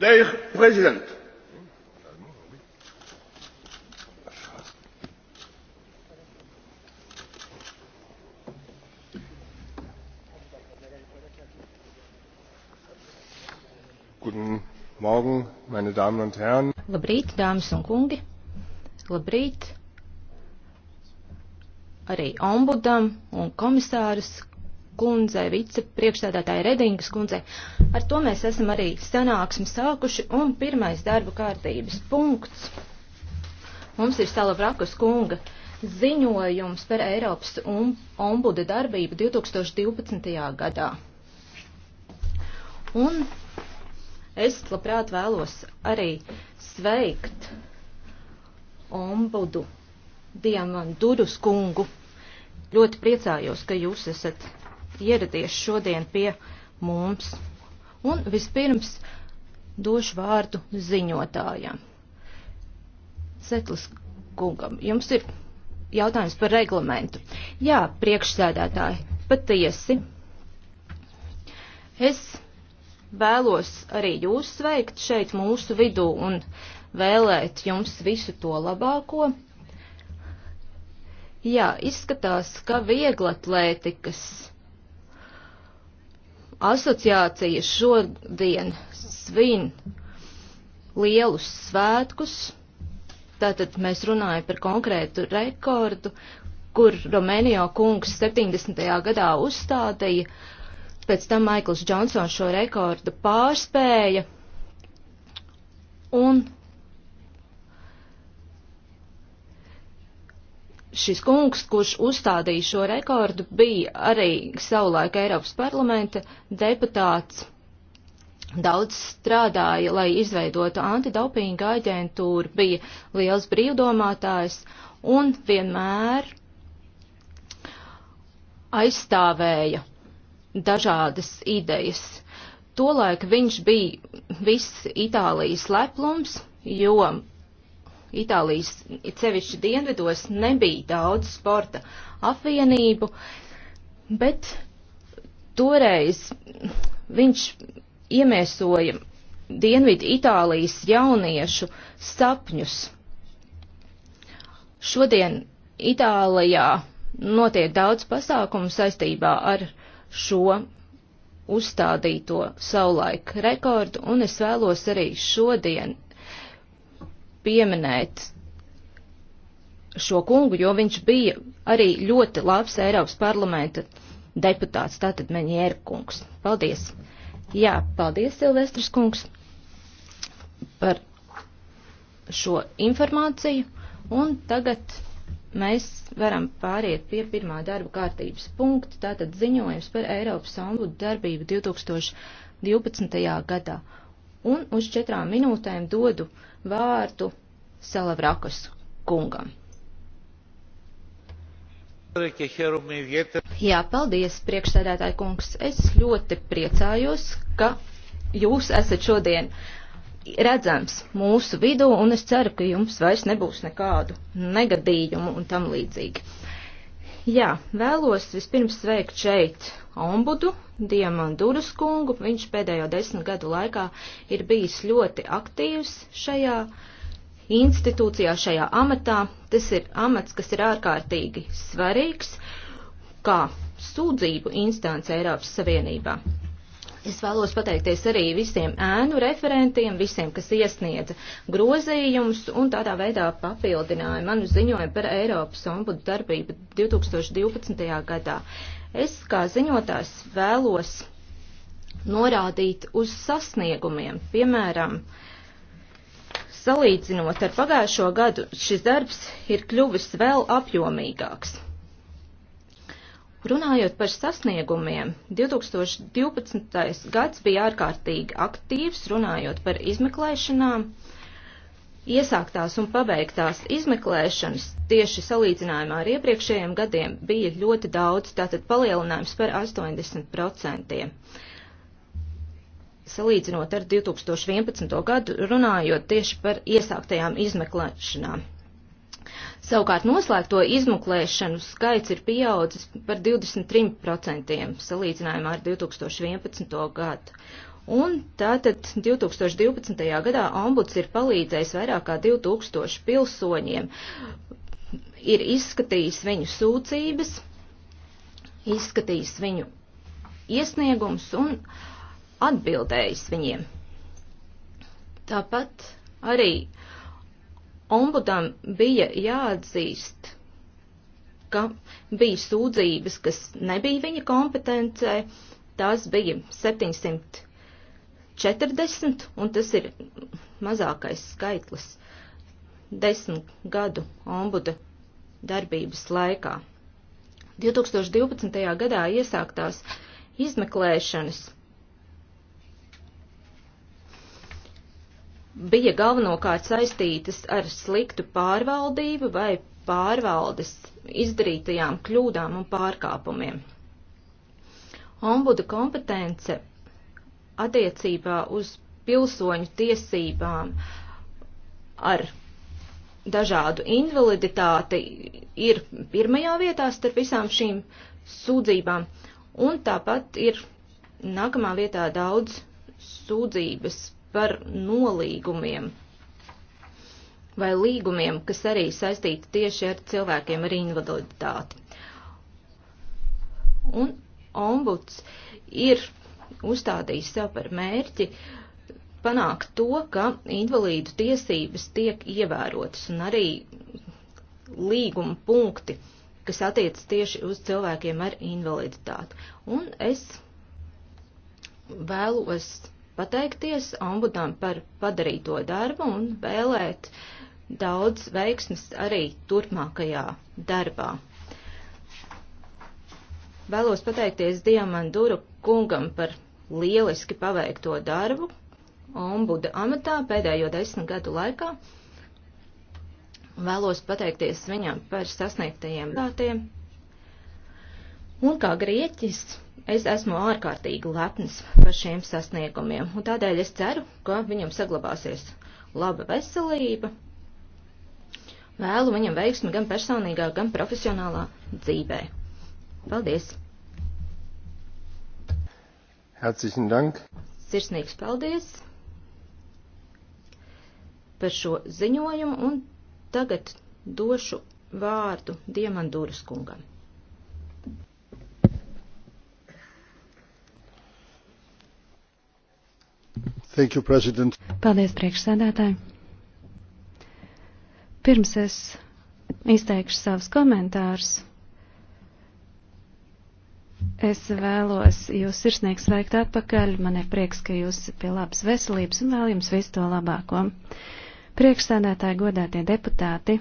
Dear President, Guten Morgen, meine Damen und Herren. Labrīt, dāmas un kungi. Labrīt arī ombudam un komisārus kundzei, vicepriekšstādātāji Redingas kundzei. Ar to mēs esam arī sanāksmi sākuši un pirmais darba kārtības punkts. Mums ir Salavrakas kunga ziņojums par Eiropas um-, ombuda darbību 2012. gadā. Un es labprāt vēlos arī sveikt ombudu Diamantūrus kungu. Ļoti priecājos, ka jūs esat ieradies šodien pie mums. Un vispirms došu vārdu ziņotājam. Setlis kungam, jums ir jautājums par reglamentu. Jā, priekšsēdētāji, patiesi. Es vēlos arī jūs sveikt šeit mūsu vidū un vēlēt jums visu to labāko. Jā, izskatās, ka vieglatlētikas asociācija šodien svin lielus svētkus, tātad mēs runājam par konkrētu rekordu, kur Romēnijā kungs 70. gadā uzstādīja, pēc tam Maikls Džonsons šo rekordu pārspēja, un šis kungs, kurš uzstādīja šo rekordu, bija arī savulaik Eiropas parlamenta deputāts. Daudz strādāja, lai izveidotu antidopinga aģentūru, bija liels brīvdomātājs un vienmēr aizstāvēja dažādas idejas. Tolaik viņš bija viss Itālijas leplums, jo Itālijas, cevišķi dienvidos, nebija daudz sporta apvienību, bet toreiz viņš iemiesoja dienvidu Itālijas jauniešu sapņus. Šodien Itālijā notiek daudz pasākumu saistībā ar šo uzstādīto savulaik rekordu, un es vēlos arī šodien pieminēt šo kungu, jo viņš bija arī ļoti labs Eiropas parlamenta deputāts, tātad Meņēra kungs. Paldies! Jā, paldies, Silvestris kungs, par šo informāciju, un tagad mēs varam pāriet pie pirmā darba kārtības punkta, tātad ziņojums par Eiropas ombudu darbību 2012. gadā. Un uz četrām minūtēm dodu vārdu Salavrakas kungam. Jā, paldies, priekšsēdētāji kungs. Es ļoti priecājos, ka jūs esat šodien redzams mūsu vidū, un es ceru, ka jums vairs nebūs nekādu negadījumu un tam līdzīgi. Jā, vēlos vispirms sveikt šeit ombudu Diamandurus kungu. Viņš pēdējo desmit gadu laikā ir bijis ļoti aktīvs šajā institūcijā, šajā amatā. Tas ir amats, kas ir ārkārtīgi svarīgs kā sūdzību instance Eiropas Savienībā. Es vēlos pateikties arī visiem ēnu referentiem, visiem, kas iesniedza grozījumus un tādā veidā papildināja manu ziņojumu par Eiropas ombudu darbību 2012. gadā. Es kā ziņotājs vēlos norādīt uz sasniegumiem. Piemēram, salīdzinot ar pagājušo gadu, šis darbs ir kļuvis vēl apjomīgāks. Runājot par sasniegumiem, 2012. gads bija ārkārtīgi aktīvs, runājot par izmeklēšanām, uh, Iesāktās un pabeigtās izmeklēšanas tieši salīdzinājumā ar iepriekšējiem gadiem bija ļoti daudz, tātad palielinājums par 80%. Salīdzinot ar 2011. gadu, runājot tieši par iesāktajām izmeklēšanām. Savukārt noslēgto izmeklēšanu skaits ir pieaudzis par 23% salīdzinājumā ar 2011. gadu. Un tātad 2012. gadā ombuds ir palīdzējis vairāk kā 2000 pilsoņiem, ir izskatījis viņu sūdzības, izskatījis viņu iesniegums un atbildējis viņiem. Tāpat arī ombudam bija jāatzīst, ka bija sūdzības, kas nebija viņa kompetencē, tās bija 700 40, un tas ir mazākais skaitlis desmit gadu ombuda darbības laikā. 2012. gadā iesāktās izmeklēšanas bija galvenokārt saistītas ar sliktu pārvaldību vai pārvaldes izdarītajām kļūdām un pārkāpumiem. Ombuda kompetence attiecībā uz pilsoņu tiesībām ar dažādu invaliditāti ir pirmajā vietā starp visām šīm sūdzībām, un tāpat ir nākamā vietā daudz sūdzības par nolīgumiem vai līgumiem, kas arī saistīti tieši ar cilvēkiem ar invaliditāti. Un ombuds ir uzstādījis sev par mērķi panākt to, ka invalīdu tiesības tiek ievērotas un arī līguma punkti, kas attiec tieši uz cilvēkiem ar invaliditāti. Un es vēlos pateikties ombudam par padarīto darbu un vēlēt daudz veiksmes arī turpmākajā darbā. Vēlos pateikties Diamanduru kungam par lieliski paveikto darbu ombuda amatā pēdējo desmit gadu laikā. Vēlos pateikties viņam par sasniegtajiem datiem. Un kā grieķis, es esmu ārkārtīgi lepns par šiem sasniegumiem, un tādēļ es ceru, ka viņam saglabāsies laba veselība. Vēlu viņam veiksmi gan personīgā, gan profesionālā dzīvē. Paldies! Herzlichen Dank. Sirsnīgs paldies par šo ziņojumu un tagad došu vārdu Diemandūras kungam. Thank you, President. Paldies, priekšsēdētāji. Pirms es izteikšu savus komentārus Es vēlos jūs sirsnīgi sveikt atpakaļ. Man ir prieks, ka jūs pie labas veselības un vēl jums visu to labāko. Priekšsēdētāji, godātie deputāti,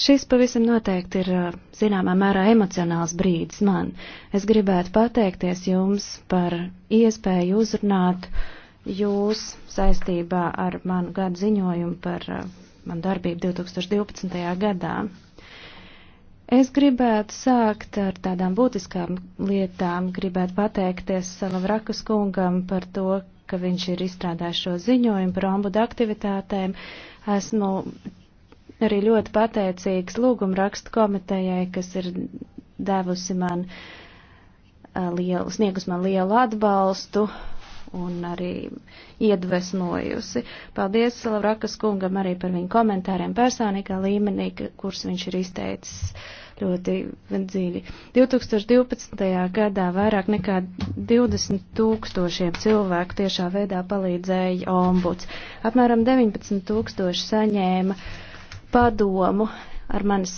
Šis pavisam noteikti ir zināmā mērā emocionāls brīdis man. Es gribētu pateikties jums par iespēju uzrunāt jūs saistībā ar manu gadu ziņojumu par manu darbību 2012. gadā. Es gribētu sākt ar tādām būtiskām lietām. Gribētu pateikties Salavrakas kungam par to, ka viņš ir izstrādājis šo ziņojumu par ombudu aktivitātēm. Esmu arī ļoti pateicīgs lūguma rakstu komitejai, kas ir devusi man uh, lielu, sniegus man lielu atbalstu un arī iedvesmojusi. Paldies Lavrakas kungam arī par viņu komentāriem personīgā līmenī, kurus viņš ir izteicis ļoti dziļi. 2012. gadā vairāk nekā 20 tūkstošiem cilvēku tiešā veidā palīdzēja ombuds. Apmēram 19 tūkstoši saņēma padomu ar manas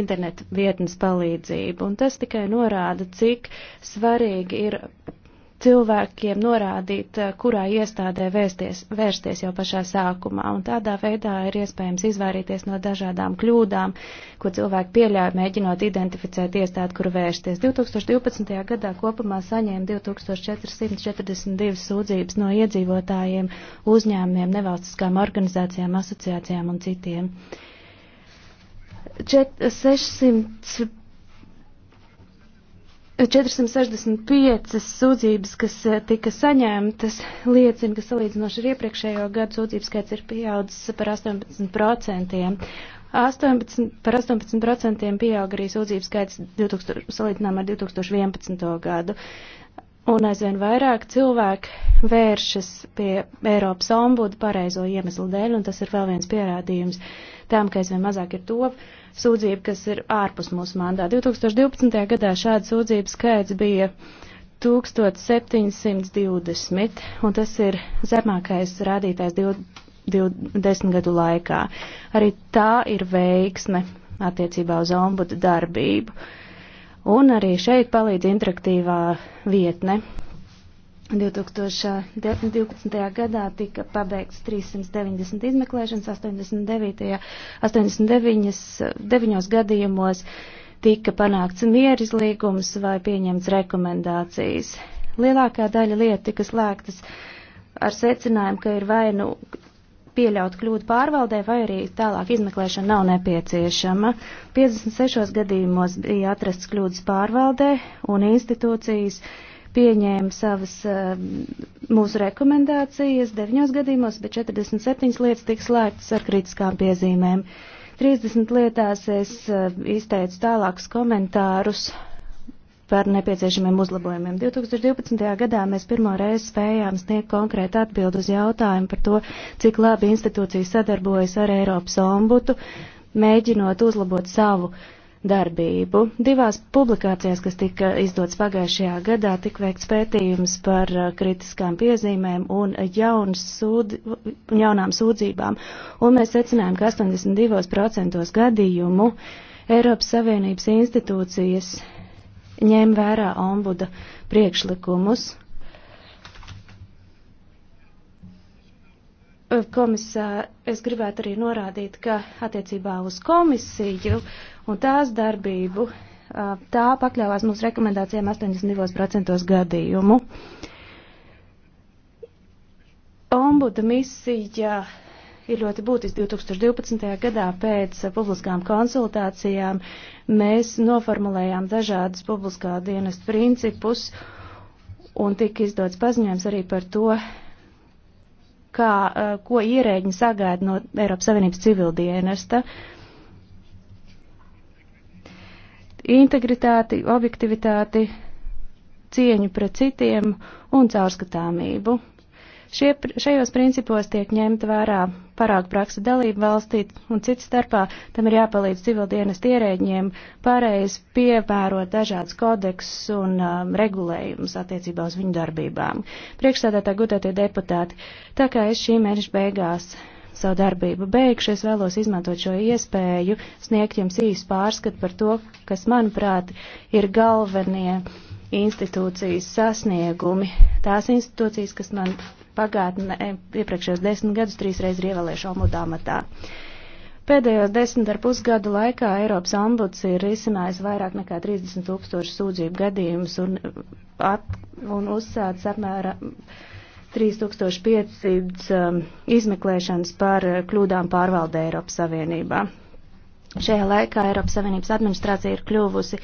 interneta vietnes palīdzību, un tas tikai norāda, cik svarīgi ir cilvēkiem norādīt, eh, kurā iestādē vērsties, vērsties jau pašā sākumā, un tādā veidā ir iespējams izvairīties no dažādām kļūdām, ko cilvēki pieļauj, mēģinot identificēt iestādi, kur vērsties. 2012. gadā kopumā saņēma 2442 sūdzības no iedzīvotājiem, uzņēmumiem, nevalstiskām organizācijām, asociācijām un citiem. 400 465 sūdzības, kas eh, tika saņemtas, liecina, ka salīdzinoši ar iepriekšējo gadu sūdzības skaits ir pieaudzis par 18%. 18, par 18% pieauga arī sūdzības skaits 2000, salīdzinām ar 2011. gadu. Un aizvien vairāk cilvēki vēršas pie Eiropas ombudu pareizo iemeslu dēļ, un tas ir vēl viens pierādījums tām, ka aizvien mazāk ir top sūdzību, kas ir ārpus mūsu mandāta. 2012. gadā šāda sūdzība skaits bija 1720, un tas ir zemākais rādītājs 20 gadu laikā. Arī tā ir veiksme attiecībā uz ombudu darbību. Un arī šeit palīdz interaktīvā vietne, 2012. gadā tika pabeigts 390 izmeklēšanas, 89, 89 9 gadījumos tika panākts mierizlīgums vai pieņemts rekomendācijas. Lielākā daļa lieta tika slēgtas ar secinājumu, ka ir vai nu pieļaut kļūdu pārvaldē, vai arī tālāk izmeklēšana nav nepieciešama. 56 gadījumos bija atrasts kļūdas pārvaldē un institūcijas uh, pieņēma savas ehm, mūsu rekomendācijas 9 gadījumos, bet 47 lietas tika slēgtas ar kritiskām piezīmēm. 30 lietās es ehm, izteicu tālākus komentārus par nepieciešamiem uzlabojumiem. 2012. gadā mēs pirmo reizi spējām sniegt konkrētu atbildu uz jautājumu par to, cik labi institūcija sadarbojas ar Eiropas ombutu, mēģinot uzlabot savu uh, darbību. Divās publikācijās, kas tika izdots pagājušajā gadā, tika veikts pētījums par uh, kritiskām piezīmēm un sūd, jaunām sūdzībām, un mēs secinājām, ka 82% gadījumu Eiropas Savienības institūcijas ņem vērā ombuda priekšlikumus. Komisā, es gribētu arī norādīt, ka attiecībā uz komisiju un tās darbību. Tā pakļāvās mūsu rekomendācijām 82% gadījumu. Ombuda misija ir ļoti būtiski 2012. gadā pēc publiskām konsultācijām mēs noformulējām dažādas publiskā dienas principus un tika izdots paziņojums arī par to, kā, ko ierēģi sagaida no Eiropas Savienības civildienesta. Uh, integritāti, objektivitāti, cieņu pret citiem un caurskatāmību. Šie, šajos principos tiek ņemta vērā parāga praksa dalība valstī un cits starpā tam ir jāpalīdz civildienas ierēģiem pareizi pievērot dažādas kodeksus un um, regulējumus attiecībā uz viņu darbībām. Priekšstādātā gudētie deputāti, tā kā es šī mēneša beigās savu darbību beigšu, es vēlos izmantot šo iespēju sniegt jums īsu pārskatu par to, kas, manuprāt, ir galvenie institūcijas sasniegumi. Tās institūcijas, kas man pagātnē e, iepriekšējos desmit gadus trīsreiz ir ievēlējuši ombudu amatā. Pēdējos desmit ar pusgadu laikā Eiropas ombuds ir izcinājis vairāk nekā 30 tūkstošu sūdzību gadījumus un, at, un uzsācis apmēram 3500 um, izmeklēšanas par uh, kļūdām pārvaldē Eiropas Savienībā. Šajā laikā Eiropas Savienības administrācija ir kļuvusi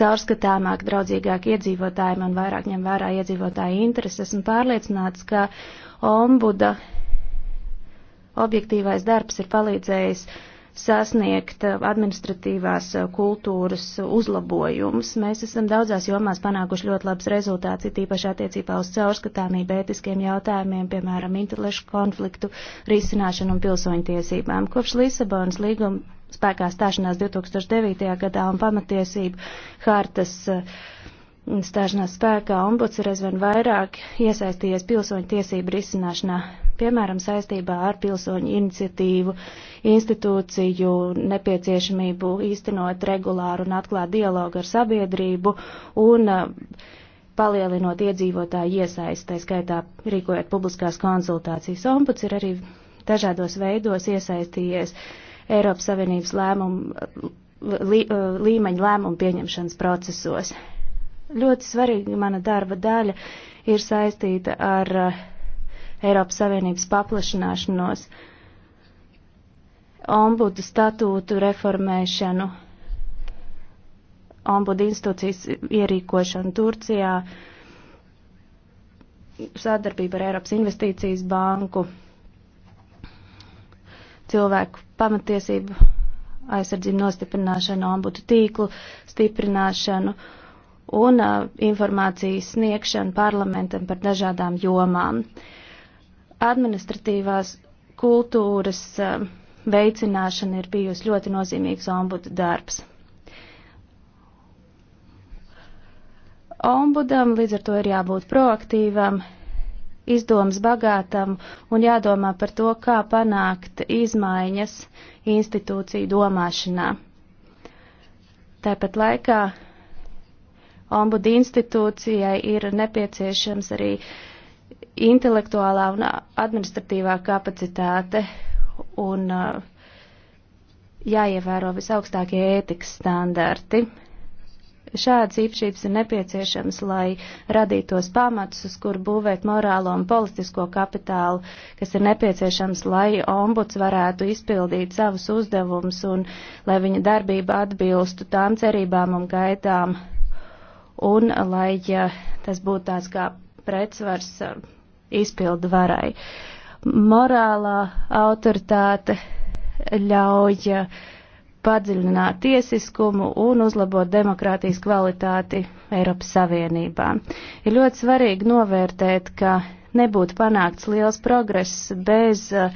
caurskatāmāk, draudzīgāk iedzīvotājiem un vairāk ņem vērā iedzīvotāju intereses un pārliecināts, ka ombuda objektīvais darbs ir palīdzējis uh, sasniegt eh, administratīvās eh, kultūras uzlabojumus. Mēs esam daudzās jomās panākuši ļoti labs rezultāts, it īpaši attiecībā uz caurskatāmību ētiskiem jautājumiem, piemēram, interešu konfliktu risināšanu un pilsoņu tiesībām. Kopš Lisabonas līguma spēkā stāšanās 2009. gadā un pamatiesību hartas eh, stāšanās spēkā ombuds ir aizvien vairāk iesaistījies pilsoņu tiesību risināšanā piemēram, saistībā ar pilsoņu iniciatīvu, institūciju nepieciešamību īstenot regulāru un atklāt dialogu ar sabiedrību un uh, palielinot iedzīvotāju iesaistē, skaitā rīkojot publiskās konsultācijas. Ombuds ir arī dažādos veidos iesaistījies Eiropas Savienības lēmumu, uh, lī, uh, līmeņa lēmumu pieņemšanas procesos. Ļoti svarīga mana darba daļa ir saistīta ar Eiropas Savienības paplašināšanos, ombudu statūtu reformēšanu, ombudu institūcijas ierīkošanu Turcijā, sadarbību ar Eiropas Investīcijas banku, cilvēku pamatiesību aizsardzību nostiprināšanu, ombudu tīklu stiprināšanu un uh, informācijas sniegšanu parlamentam par dažādām jomām. Uh, administratīvās kultūras eh, veicināšana ir bijusi ļoti nozīmīgs ombudu darbs. Ombudam līdz ar to ir jābūt proaktīvam, izdomas bagātam un jādomā par to, kā panākt izmaiņas institūciju domāšanā. Tāpat laikā ombudu institūcijai ir nepieciešams arī uh, intelektuālā un administratīvā kapacitāte un uh, jāievēro visaugstākie ētikas standarti. Šādas īpašības ir nepieciešamas, lai radītos pamatus, uz kur būvēt morālo un politisko kapitālu, kas ir nepieciešams, lai ombuds varētu izpildīt savus uzdevumus un lai viņa darbība atbilstu tām cerībām un gaidām, un lai ja, tas būtu tāds kā pretsvars uh, izpildu varai. Morālā autoritāte ļauj padziļināt tiesiskumu un uzlabot demokrātijas kvalitāti Eiropas Savienībā. Ir ļoti svarīgi novērtēt, ka nebūtu panākts liels progress bez uh,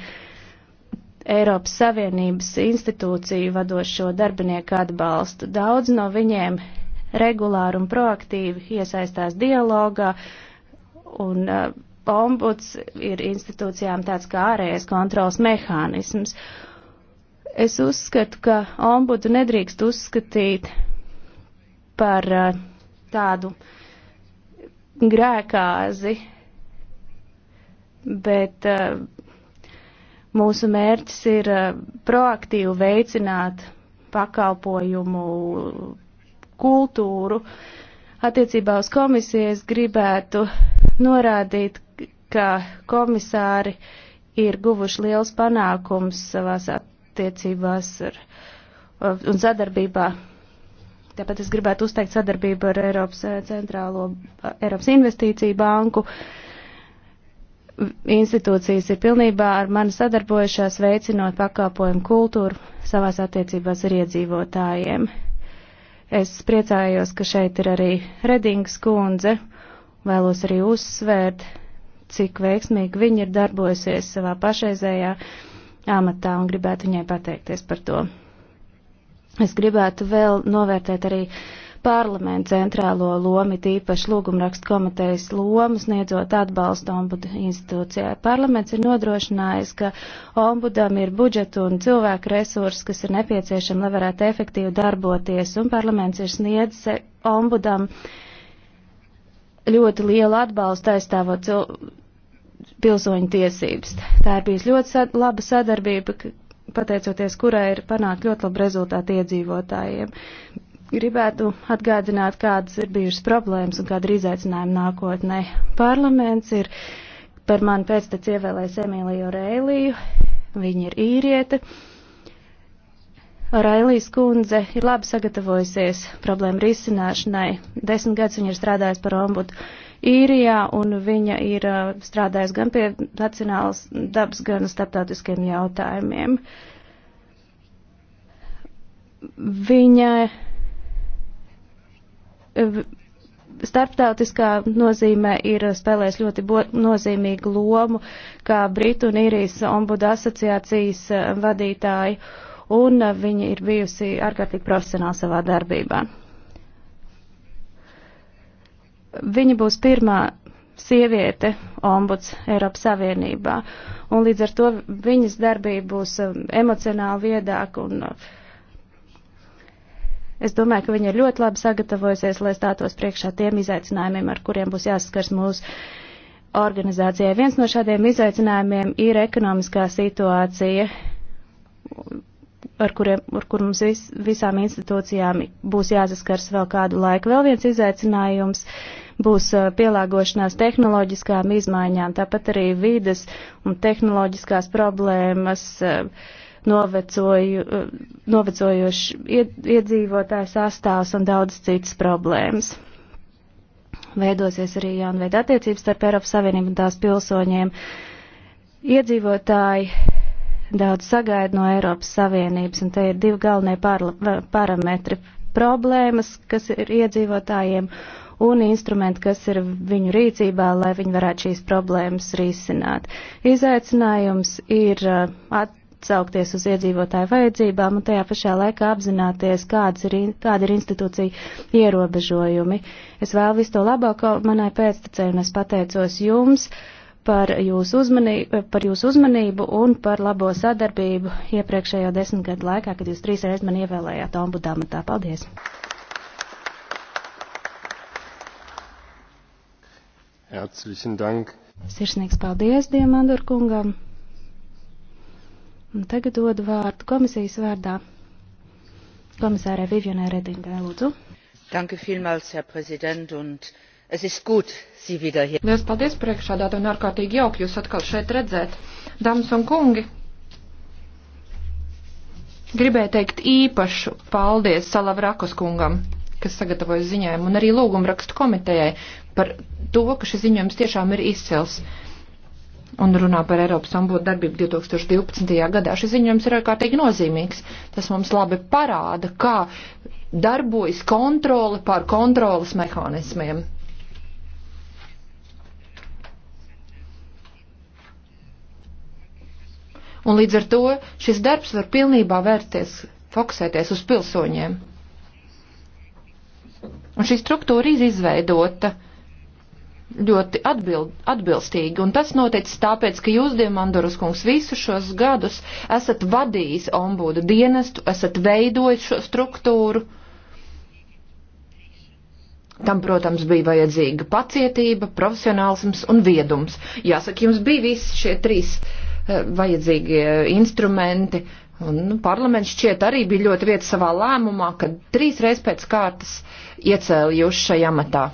Eiropas Savienības institūciju vadošo darbinieku atbalstu. Daudz no viņiem regulāri un proaktīvi iesaistās dialogā un uh, ombuds ir institūcijām tāds kā ārējais kontrols mehānisms. Es uzskatu, ka ombudu nedrīkst uzskatīt par eh, tādu grēkāzi, bet eh, mūsu mērķis ir eh, proaktīvi veicināt pakalpojumu kultūru. Attiecībā uz komisiju es gribētu norādīt, ka komisāri ir guvuši liels panākums savās attiecībās ar, uh, un sadarbībā. Tāpēc es gribētu uzteikt sadarbību ar Eiropas uh, centrālo uh, Eiropas investīciju banku. Institūcijas ir pilnībā ar mani sadarbojušās, veicinot pakāpojumu kultūru savās attiecībās ar iedzīvotājiem. Es priecājos, ka šeit ir arī Redings kundze. Vēlos arī uzsvērt, cik veiksmīgi viņa ir darbojusies savā pašreizējā amatā un gribētu viņai pateikties par to. Es gribētu vēl novērtēt arī parlamentu centrālo lomu, tīpaši lūgumrakstu komitejas lomu, sniedzot atbalstu ombudu institūcijai. Parlaments ir nodrošinājis, ka ombudam ir budžetu un cilvēku resursi, kas ir nepieciešami, lai varētu efektīvi darboties, un parlaments ir sniedzis ombudam uh, ļoti lielu atbalstu aizstāvot pilsoņu tiesības. Tā ir bijusi ļoti sad laba sadarbība, pateicoties kurai ir panākt ļoti labi rezultāti iedzīvotājiem. Gribētu atgādināt, kādas ir bijušas problēmas un kāda ir izaicinājuma nākotnē. Parlaments ir par mani pēctec ievēlējis Emīliju Reiliju, viņa ir īriete. Uh, Railijas kundze ir labi sagatavojusies problēmu risināšanai. Desmit gadus viņa ir strādājusi par ombudu īrijā, un viņa ir uh, strādājusi gan pie nacionālas dabas, gan starptautiskiem jautājumiem. Viņa starptautiskā nozīmē ir spēlējis ļoti nozīmīgu lomu kā Britu un Īrijas ombuda asociācijas uh, vadītāji. Uh, un eh, viņa ir bijusi ārkārtīgi profesionāla savā darbībā. Viņa būs pirmā sieviete ombuds Eiropas Savienībā, un līdz ar to viņas darbība būs eh, emocionāli viedāka un uh, Es domāju, ka viņa ir ļoti labi sagatavojusies, lai stātos priekšā tiem izaicinājumiem, ar kuriem būs jāsaskars mūsu organizācijai. Viens no šādiem izaicinājumiem ir ekonomiskā situācija ar, kuriem, ar kur mums vis, visām institūcijām būs jāsaskars vēl kādu laiku. Vēl viens izaicinājums būs pielāgošanās tehnoloģiskām izmaiņām, tāpat arī vides un tehnoloģiskās problēmas, novecoju, novecojoši iedzīvotāju sastāvs un daudz citas problēmas. Veidosies arī jaunveida attiecības starp Eiropas Savienību un tās pilsoņiem. Iedzīvotāji daudz sagaida no Eiropas Savienības, un te ir divi galvenie parametri - problēmas, kas ir iedzīvotājiem, un instrumenti, kas ir viņu rīcībā, lai viņi varētu šīs problēmas risināt. Izaicinājums ir uh, atsaukties uz iedzīvotāju vajadzībām un tajā pašā laikā apzināties, ir, kāda ir institūcija ierobežojumi. Es vēl visu to labāko manai pēctecēju un es pateicos jums. Uh, par jūsu uzmanību, par jūsu uzmanību un par labo sadarbību iepriekšējo desmitgadu laikā, kad jūs trīsreiz man ievēlējāt ombudu amatā. Paldies! Herzlichen Dank! Sirsnīgs paldies Diemandur kungam! Un tagad dodu vārdu komisijas vārdā. Komisārai Vivianai Redingai, lūdzu. Danke vielmals, Herr Präsident, und es ist gut, Lielas paldies priekšādāt un ārkārtīgi jauki jūs atkal šeit redzēt. Dāmas un kungi, gribēju teikt īpašu paldies Salavrakas kungam, kas sagatavoja ziņojumu, un arī lūgumrakstu komitejai par to, ka šis ziņojums tiešām ir izcels un runā par Eiropas ombudu darbību 2012. gadā. Šis ziņojums ir ārkārtīgi nozīmīgs. Tas mums labi parāda, kā darbojas kontrole pār kontrolas mehānismiem. Un līdz ar to šis darbs var pilnībā vērties, fokusēties uz pilsoņiem. Un šī struktūra ir izveidota ļoti atbild, atbilstīgi, un tas noticis tāpēc, ka jūs, Diemandoras kungs, visu šos gadus esat vadījis ombuda dienestu, esat veidojis šo struktūru. Tam, protams, bija vajadzīga pacietība, profesionālisms un viedums. Jāsaka, jums bija visi šie trīs uh, vajadzīgie instrumenti. Un, nu, parlaments šķiet arī bija ļoti vieta savā lēmumā, kad trīs reizes pēc kārtas iecēla jūs šajā amatā.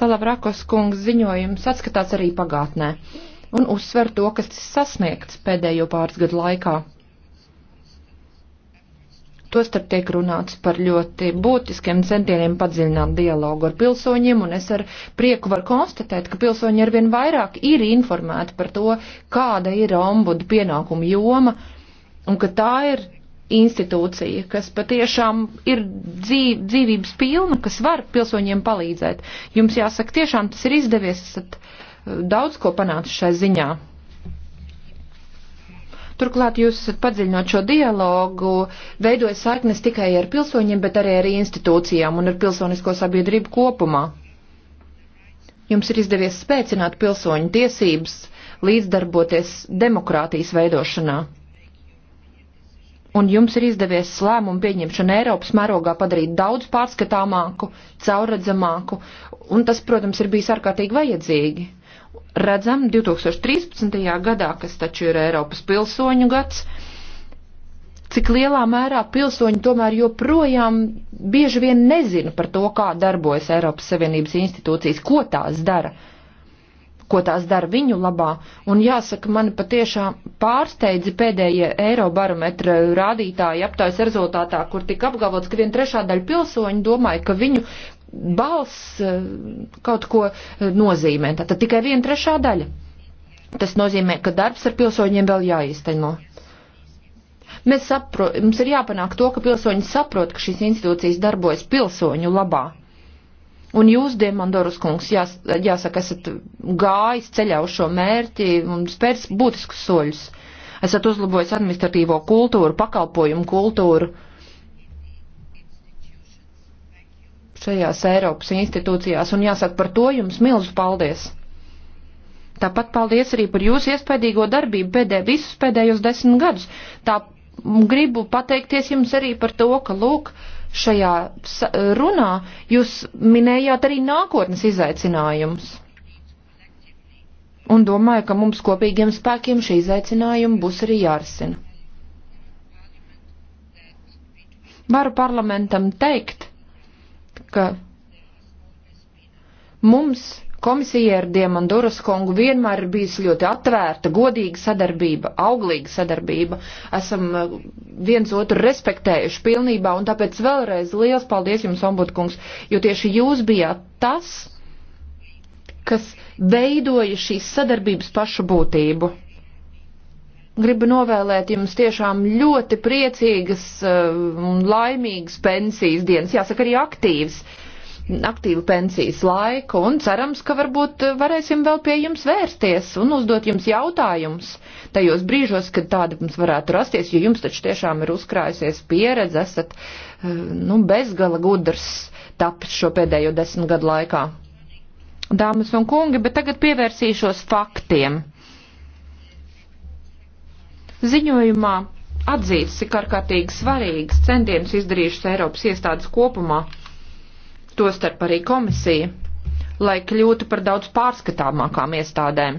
Salavrakos kungs ziņojums atskatās arī pagātnē un uzsver to, kas sasniegts pēdējo pāris gadu laikā. Tostarp tiek runāts par ļoti būtiskiem centieniem padziļināt dialogu ar pilsoņiem, un es ar prieku varu konstatēt, ka pilsoņi arvien vairāk ir informēti par to, kāda ir ombudu pienākuma joma, un ka tā ir institūcija, kas patiešām ir dzīv, dzīvības pilna, kas var pilsoņiem palīdzēt. Jums jāsaka, tiešām tas ir izdevies, esat eh, daudz ko panācis šai ziņā. Turklāt jūs esat padziļinot šo dialogu, veidojat saiknes tikai ar pilsoņiem, bet arī ar institūcijām un ar pilsonisko sabiedrību kopumā. Jums ir izdevies spēcināt pilsoņu tiesības, līdzdarboties demokrātijas veidošanā. Un jums ir izdevies lēmumu pieņemšanu Eiropas mērogā padarīt daudz pārskatāmāku, caurredzamāku, un tas, protams, ir bijis ārkārtīgi vajadzīgi redzam 2013. gadā, kas taču ir Eiropas pilsoņu gads, cik lielā mērā pilsoņi tomēr joprojām bieži vien nezina par to, kā darbojas Eiropas Savienības institūcijas, ko tās dara ko tās dara viņu labā. Un jāsaka, mani patiešām pārsteidza pēdējie Eirobarometra rādītāji aptaujas rezultātā, kur tika apgalvots, ka viena trešā daļa pilsoņu domāja, ka viņu balss eh, kaut ko eh, nozīmē. Tātad tikai viena trešā daļa. Tas nozīmē, ka darbs ar pilsoņiem vēl jāīsteno. Mēs saprot, mums ir jāpanāk to, ka pilsoņi saprot, ka šīs institūcijas darbojas pilsoņu labā. Un jūs, Diemandorus kungs, jās, jāsaka, esat gājis ceļā uz šo mērķi un spērs būtiskus soļus. Esat uzlabojis administratīvo kultūru, pakalpojumu kultūru. Uh, šajās Eiropas institūcijās, un jāsaka par to jums milzu paldies. Tāpat paldies arī par jūsu iespaidīgo darbību pēdē, visus pēdējos desmit gadus. Tā gribu pateikties jums arī par to, ka, lūk, šajā runā jūs minējāt arī nākotnes izaicinājumus. Un domāju, ka mums kopīgiem spēkiem šī izaicinājuma būs arī jārisina. Varu parlamentam teikt, ka mums komisija ar Diemanduras kungu vienmēr ir bijusi ļoti atvērta, godīga sadarbība, auglīga sadarbība. Esam uh, viens otru respektējuši pilnībā, un tāpēc vēlreiz liels paldies jums, ombudkungs, jo tieši jūs bijāt tas, kas veidoja šīs sadarbības pašu būtību. Gribu novēlēt jums tiešām ļoti priecīgas eh, un laimīgas pensijas dienas, jāsaka arī aktīvas, aktīvu pensijas laiku, un cerams, ka varbūt eh, varēsim vēl pie jums vērsties un uzdot jums jautājumus tajos brīžos, kad tāda mums varētu rasties, jo jums taču tiešām ir uzkrājusies pieredze, esat, eh, nu, bezgala gudrs tapis šo pēdējo desmit gadu laikā. Dāmas un kungi, bet tagad pievērsīšos faktiem. Ziņojumā atzīts, cik ārkārtīgi svarīgs centiens izdarījušas Eiropas iestādes kopumā, tostarp arī komisija, lai kļūtu par daudz pārskatāmākām iestādēm.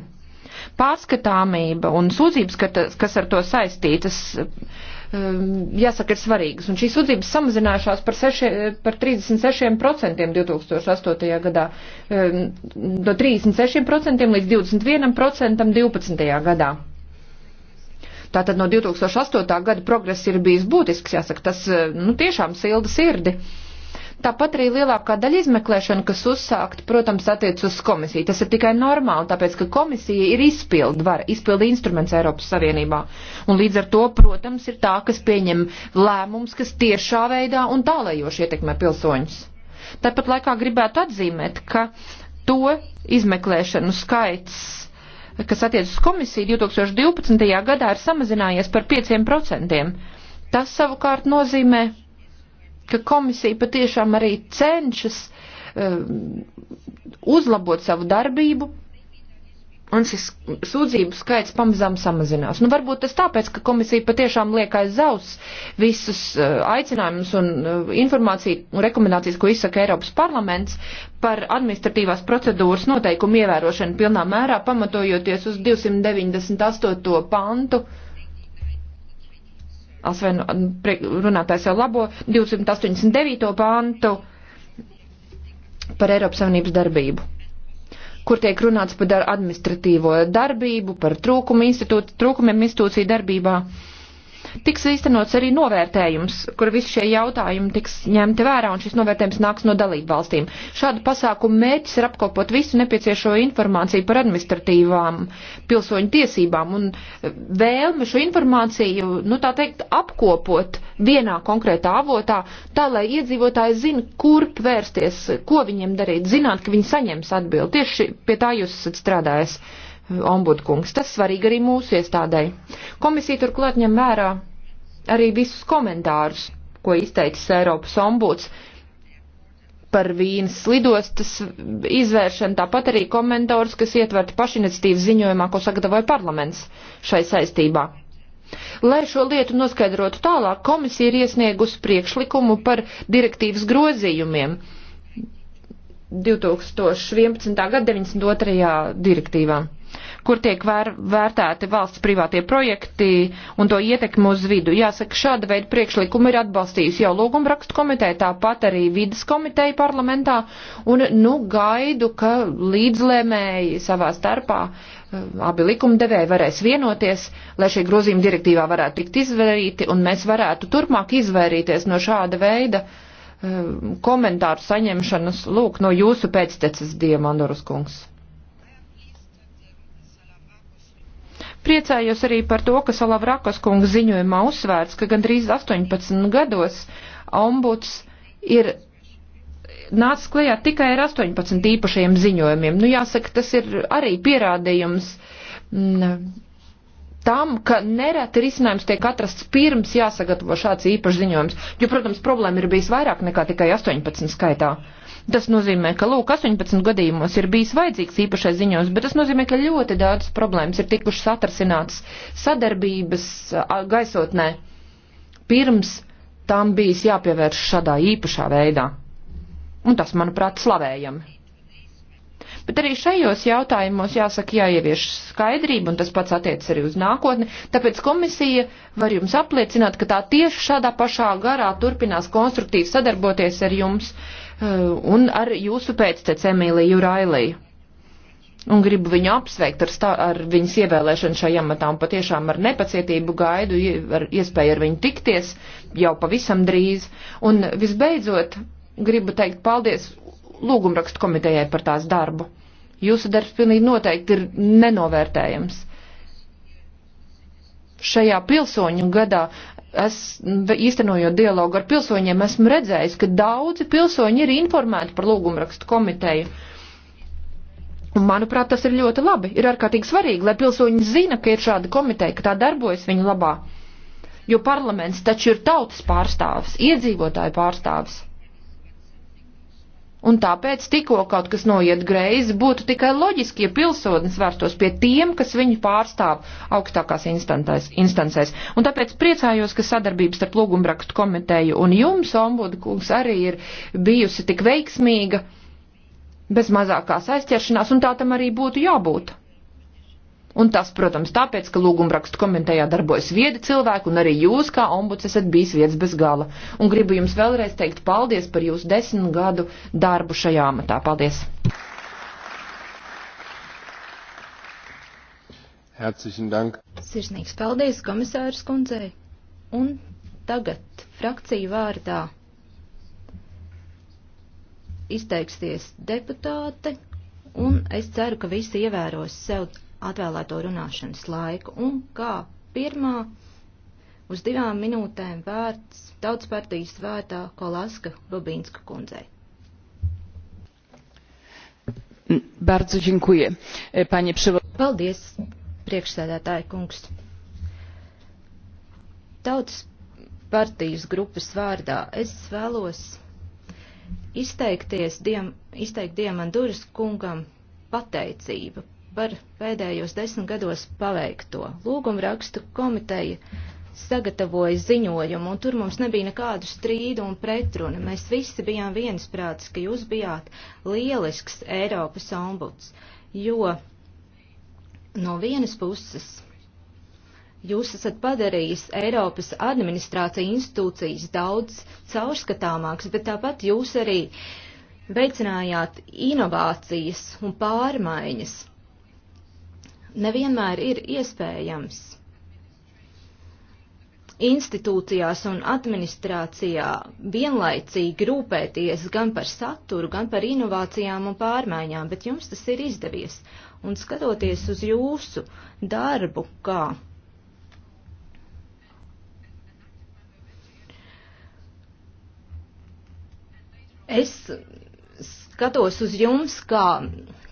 Pārskatāmība un sūdzības, kas ar to saistītas, um, jāsaka, ir svarīgas. Un šīs sūdzības samazinājušās par, seši, par 36% 2008. gadā, um, no 36% līdz 21% 12. gadā. Tātad no 2008. gada progress ir bijis būtisks, jāsaka, tas eh, nu, tiešām silda sirdi. Tāpat arī lielākā daļa izmeklēšana, kas uzsākt, protams, attiec uz komisiju. Tas ir tikai normāli, tāpēc, ka komisija ir izpildu vara, izpildu instruments Eiropas Savienībā. Un līdz ar to, protams, ir tā, kas pieņem lēmums, kas tiešā veidā un tālējoši ietekmē pilsoņus. Tāpat laikā gribētu atzīmēt, ka to izmeklēšanu skaits kas attiecas uz komisiju, 2012. gadā ir samazinājies par 5%. Tas savukārt nozīmē, ka komisija patiešām arī cenšas uh, uzlabot savu darbību, Un šis sūdzību skaits pamazām samazinās. Nu, varbūt tas tāpēc, ka komisija patiešām liek aiz zaus visus uh, aicinājumus un uh, informāciju un rekomendācijas, ko izsaka Eiropas parlaments par administratīvās procedūras noteikumu ievērošanu pilnā mērā, pamatojoties uz 298. pantu. Asvenu, runātājs jau labo, 289. pantu par Eiropas Savienības darbību kur tiek runāts par administratīvo darbību, par trūkumu institūciju, trūkumiem institūciju darbībā. Uh, tiks īstenots arī novērtējums, kur visi šie jautājumi tiks ņemti vērā, un šis novērtējums nāks no dalību valstīm. Šādu pasākumu mērķis ir apkopot visu nepieciešo informāciju par administratīvām pilsoņu tiesībām un e, vēlme šo informāciju, nu tā teikt, apkopot vienā konkrētā avotā, tā lai iedzīvotāji zina, kurp vērsties, ko viņiem darīt, zināt, ka viņi saņems atbildi. Tieši pie tā jūs esat strādājis ombudkungs. Tas svarīgi arī mūsu iestādai. Komisija turklāt ņem vērā arī visus komentārus, ko izteicis Eiropas ombuds par vīnas lidostas izvēršanu, tāpat arī komentārus, kas ietverti pašiniciatīvas ziņojumā, ko sagatavoja parlaments šai saistībā. Lai šo lietu noskaidrotu tālāk, komisija ir iesniegusi priekšlikumu par direktīvas grozījumiem 2011. gada 92. direktīvā kur tiek vēr, vērtēti valsts privātie projekti un to ietekmi uz vidu. Jāsaka, šāda veida priekšlikumu ir atbalstījusi jau lūguma rakstu komiteja, tāpat arī vidas komiteja parlamentā, un, nu, gaidu, ka līdzlēmēji savā starpā eh, abi likumdevēji varēs vienoties, lai šie grozījumi direktīvā varētu tikt izvērīti, un mēs varētu turpmāk izvairīties no šāda veida eh, komentāru saņemšanas, lūk, no jūsu pēctecas, Diemandorus kungs. Priecājos arī par to, ka Salavrakos kungs ziņojumā uzsvērts, ka gandrīz 18 gados ombuds ir nācis klajā tikai ar 18 īpašiem ziņojumiem. Nu, jāsaka, tas ir arī pierādījums. Mm, tam, ka nereti risinājums tiek atrasts pirms jāsagatavo šāds īpašs ziņojums, jo, protams, problēma ir bijis vairāk nekā tikai 18 skaitā. Tas nozīmē, ka lūk, 18 gadījumos ir bijis vajadzīgs īpašais ziņojums, bet tas nozīmē, ka ļoti daudz problēmas ir tikušas atrasinātas sadarbības gaisotnē pirms tām bijis jāpievērš šādā īpašā veidā. Un tas, manuprāt, slavējami. Bet arī šajos jautājumos jāsaka jāievieš skaidrība, un tas pats attiec arī uz nākotni. Tāpēc komisija var jums apliecināt, ka tā tieši šādā pašā garā turpinās konstruktīvi sadarboties ar jums. Uh, Eh, un ar jūsu pēctec Emīliju Railiju. Un gribu viņu apsveikt ar, stā, ar viņas ievēlēšanu šajā amatā un patiešām ar nepacietību gaidu ar iespēju ar viņu tikties jau pavisam drīz. Un visbeidzot, gribu teikt paldies lūgumrakstu komitejai par tās darbu. Jūsu darbs pilnīgi noteikti ir nenovērtējams šajā pilsoņu gadā es īstenojot dialogu ar pilsoņiem, esmu redzējis, ka daudzi pilsoņi ir informēti par lūgumrakstu komiteju. Un, manuprāt, tas ir ļoti labi. Ir ārkārtīgi svarīgi, lai pilsoņi zina, ka ir šāda komiteja, ka tā darbojas viņu labā. Jo parlaments taču ir tautas pārstāvis, iedzīvotāju pārstāvis. Un tāpēc tikko kaut kas noiet greizi, būtu tikai loģiski, ja pilsonis vērstos pie tiem, kas viņu pārstāv augstākās instancēs. Un tāpēc priecājos, ka sadarbības starp lūgumbrakstu komiteju un jums, ombudu kungs, arī ir bijusi tik veiksmīga, bez mazākās aizķeršanās, un tā tam arī būtu jābūt. Un tas, protams, tāpēc, ka lūgumrakstu komentējā darbojas viedi cilvēki, un arī jūs, kā ombuds, esat bijis vietas bez gala. Un gribu jums vēlreiz teikt paldies par jūsu desmit gadu darbu šajā amatā. Paldies! Herzlichen Dank! Sirsnīgs paldies komisāras kundzei! Un tagad frakciju vārdā izteiksies deputāte, un es ceru, ka visi ievēros sev atvēlēto runāšanas laiku. Un kā pirmā uz divām minūtēm vērts tautas partijas vērtā Kolaska Bobīnska kundzei. Bardzo dziękuję, panie przewodniczący. Paldies, priekšsēdētāji kungs. Tautas partijas grupas vārdā es vēlos izteikties, diem, izteikt Diemanduras kungam pateicību par pēdējos desmit gados paveikto. Lūgumrakstu komiteja sagatavoja ziņojumu, un tur mums nebija nekādu strīdu un pretrunu. Mēs visi bijām viensprāts, ka jūs bijāt lielisks Eiropas ombuds, jo no vienas puses jūs esat padarījis Eiropas administrāciju institūcijas daudz caurskatāmāks, bet tāpat jūs arī veicinājāt inovācijas un pārmaiņas nevienmēr ir iespējams. Institūcijās un administrācijā vienlaicīgi rūpēties gan par saturu, gan par inovācijām un pārmaiņām, bet jums tas ir izdevies. Un skatoties uz jūsu darbu, kā es skatos uz jums kā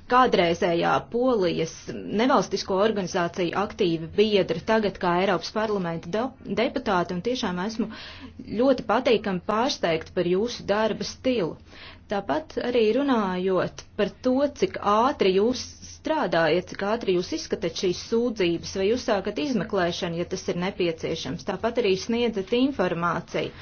kādreizējā polijas nevalstisko organizāciju aktīvi biedri, tagad kā Eiropas parlamenta deputāti, un tiešām esmu ļoti patīkami pārsteigta par jūsu darba stilu. Tāpat arī runājot par to, cik ātri jūs strādājat, cik ātri jūs izskatāt šīs sūdzības vai uzsākat izmeklēšanu, ja tas ir nepieciešams. Tāpat arī sniedzat informāciju,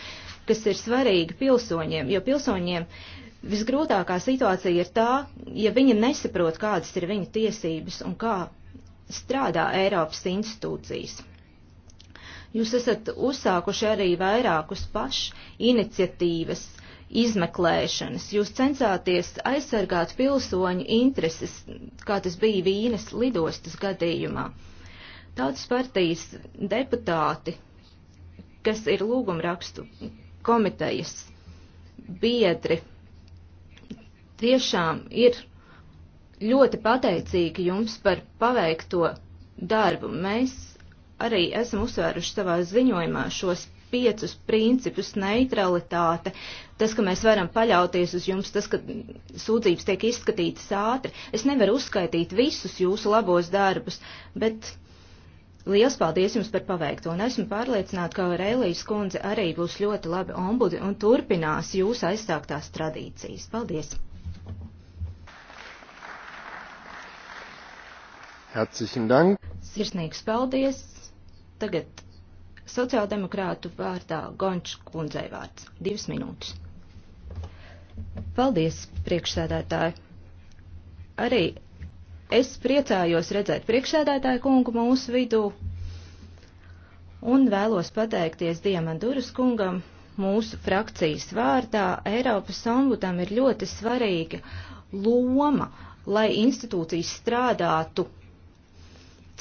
kas ir svarīga pilsoņiem, jo pilsoņiem uh, visgrūtākā situācija ir tā, ja viņi nesaprot, kādas ir viņu tiesības un kā strādā Eiropas institūcijas. Jūs esat uzsākuši arī vairākus pašu iniciatīvas izmeklēšanas. Jūs censāties aizsargāt pilsoņu intereses, kā tas bija Vīnes lidostas gadījumā. Tautas partijas deputāti, kas ir lūgumrakstu komitejas biedri, tiešām ir ļoti pateicīgi jums par paveikto darbu. Mēs arī esam uzsvēruši savā ziņojumā šos piecus principus - neutralitāte, tas, ka mēs varam paļauties uz jums, tas, ka sūdzības tiek izskatītas ātri. Es nevaru uzskaitīt visus jūsu labos darbus, bet liels paldies jums par paveikto, un esmu pārliecināta, ka Aurēlijas kundze arī būs ļoti labi ombudi un turpinās jūsu aizstāktās tradīcijas. Paldies! Herzlichen Dank. Sirsnīgs paldies. Tagad sociāldemokrātu vārdā Gončs kundzei vārds. Divas minūtes. Paldies, priekšsēdētāji. Arī es priecājos redzēt priekšsēdētāju kungu mūsu vidū un vēlos pateikties Diemanduras kungam mūsu frakcijas vārdā. Eiropas ombudam ir ļoti svarīga loma, lai institūcijas strādātu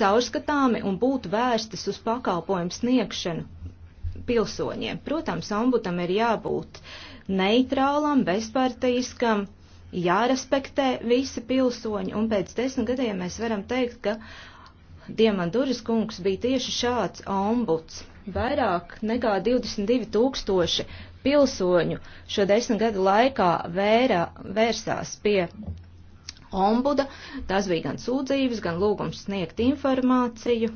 caurskatāmi un būtu vērstas uz pakalpojumu sniegšanu pilsoņiem. Protams, ombudam ir jābūt neitrālam, bezpartiskam, jārespektē visi pilsoņi, un pēc desmit gadiem mēs varam teikt, ka Diemanduris kungs bija tieši šāds ombuds. Vairāk nekā 22 tūkstoši pilsoņu šo desmit gadu laikā vērā, vērsās pie ombuda. Tas bija gan sūdzības, gan lūgums sniegt informāciju.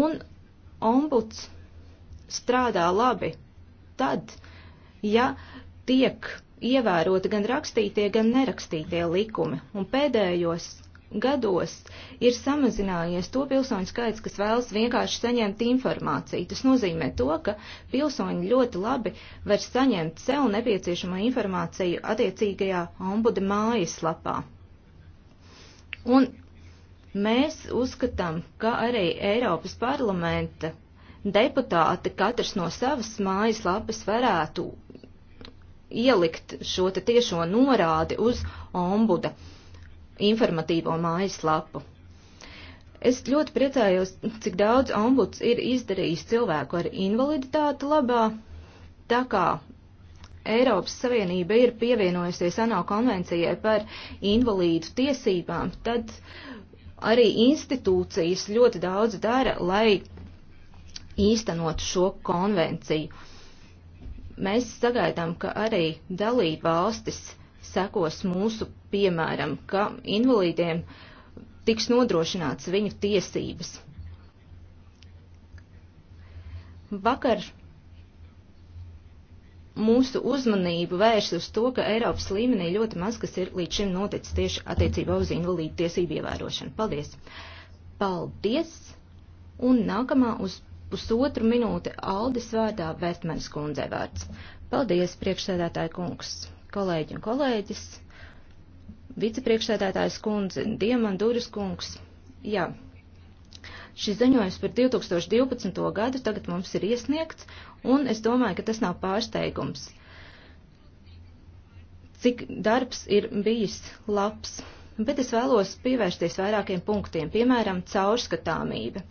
Un ombuds strādā labi tad, ja tiek ievēroti gan rakstītie, gan nerakstītie likumi. Un pēdējos gados ir samazinājies to pilsoņu skaits, kas vēlas vienkārši saņemt informāciju. Tas nozīmē to, ka pilsoņi ļoti labi var saņemt sev nepieciešamo informāciju attiecīgajā ombuda mājaslapā. Un mēs uzskatām, ka arī Eiropas parlamenta deputāti katrs no savas mājaslapas varētu ielikt šo tiešo norādi uz ombuda informatīvo mājaslapu. Es ļoti priecājos, cik daudz ombuds ir izdarījis cilvēku ar invaliditāti labā, tā kā Eiropas Savienība ir pievienojusies ANO konvencijai par invalīdu tiesībām, tad arī institūcijas ļoti daudz dara, lai īstenotu šo konvenciju. Mēs sagaidām, ka arī dalība valstis sekos mūsu piemēram, ka invalīdiem tiks nodrošināts viņu tiesības. Vakar mūsu uzmanību vērš uz to, ka Eiropas līmenī ļoti maz, kas ir līdz šim noticis tieši attiecībā uz invalīdu tiesību ievērošanu. Paldies! Paldies! Un nākamā uz pusotru minūti Aldis vārdā Vestmanis kundzei vārds. Paldies, priekšsēdētāji kungs, kolēģi un kolēģis! Vicepriekšsēdētājs kundze, Dieman Duris kungs, jā, šis ziņojums par 2012. gadu tagad mums ir iesniegts, un es domāju, ka tas nav pārsteigums. Cik darbs ir bijis labs, bet es vēlos pievērsties vairākiem punktiem, piemēram, caurskatāmība.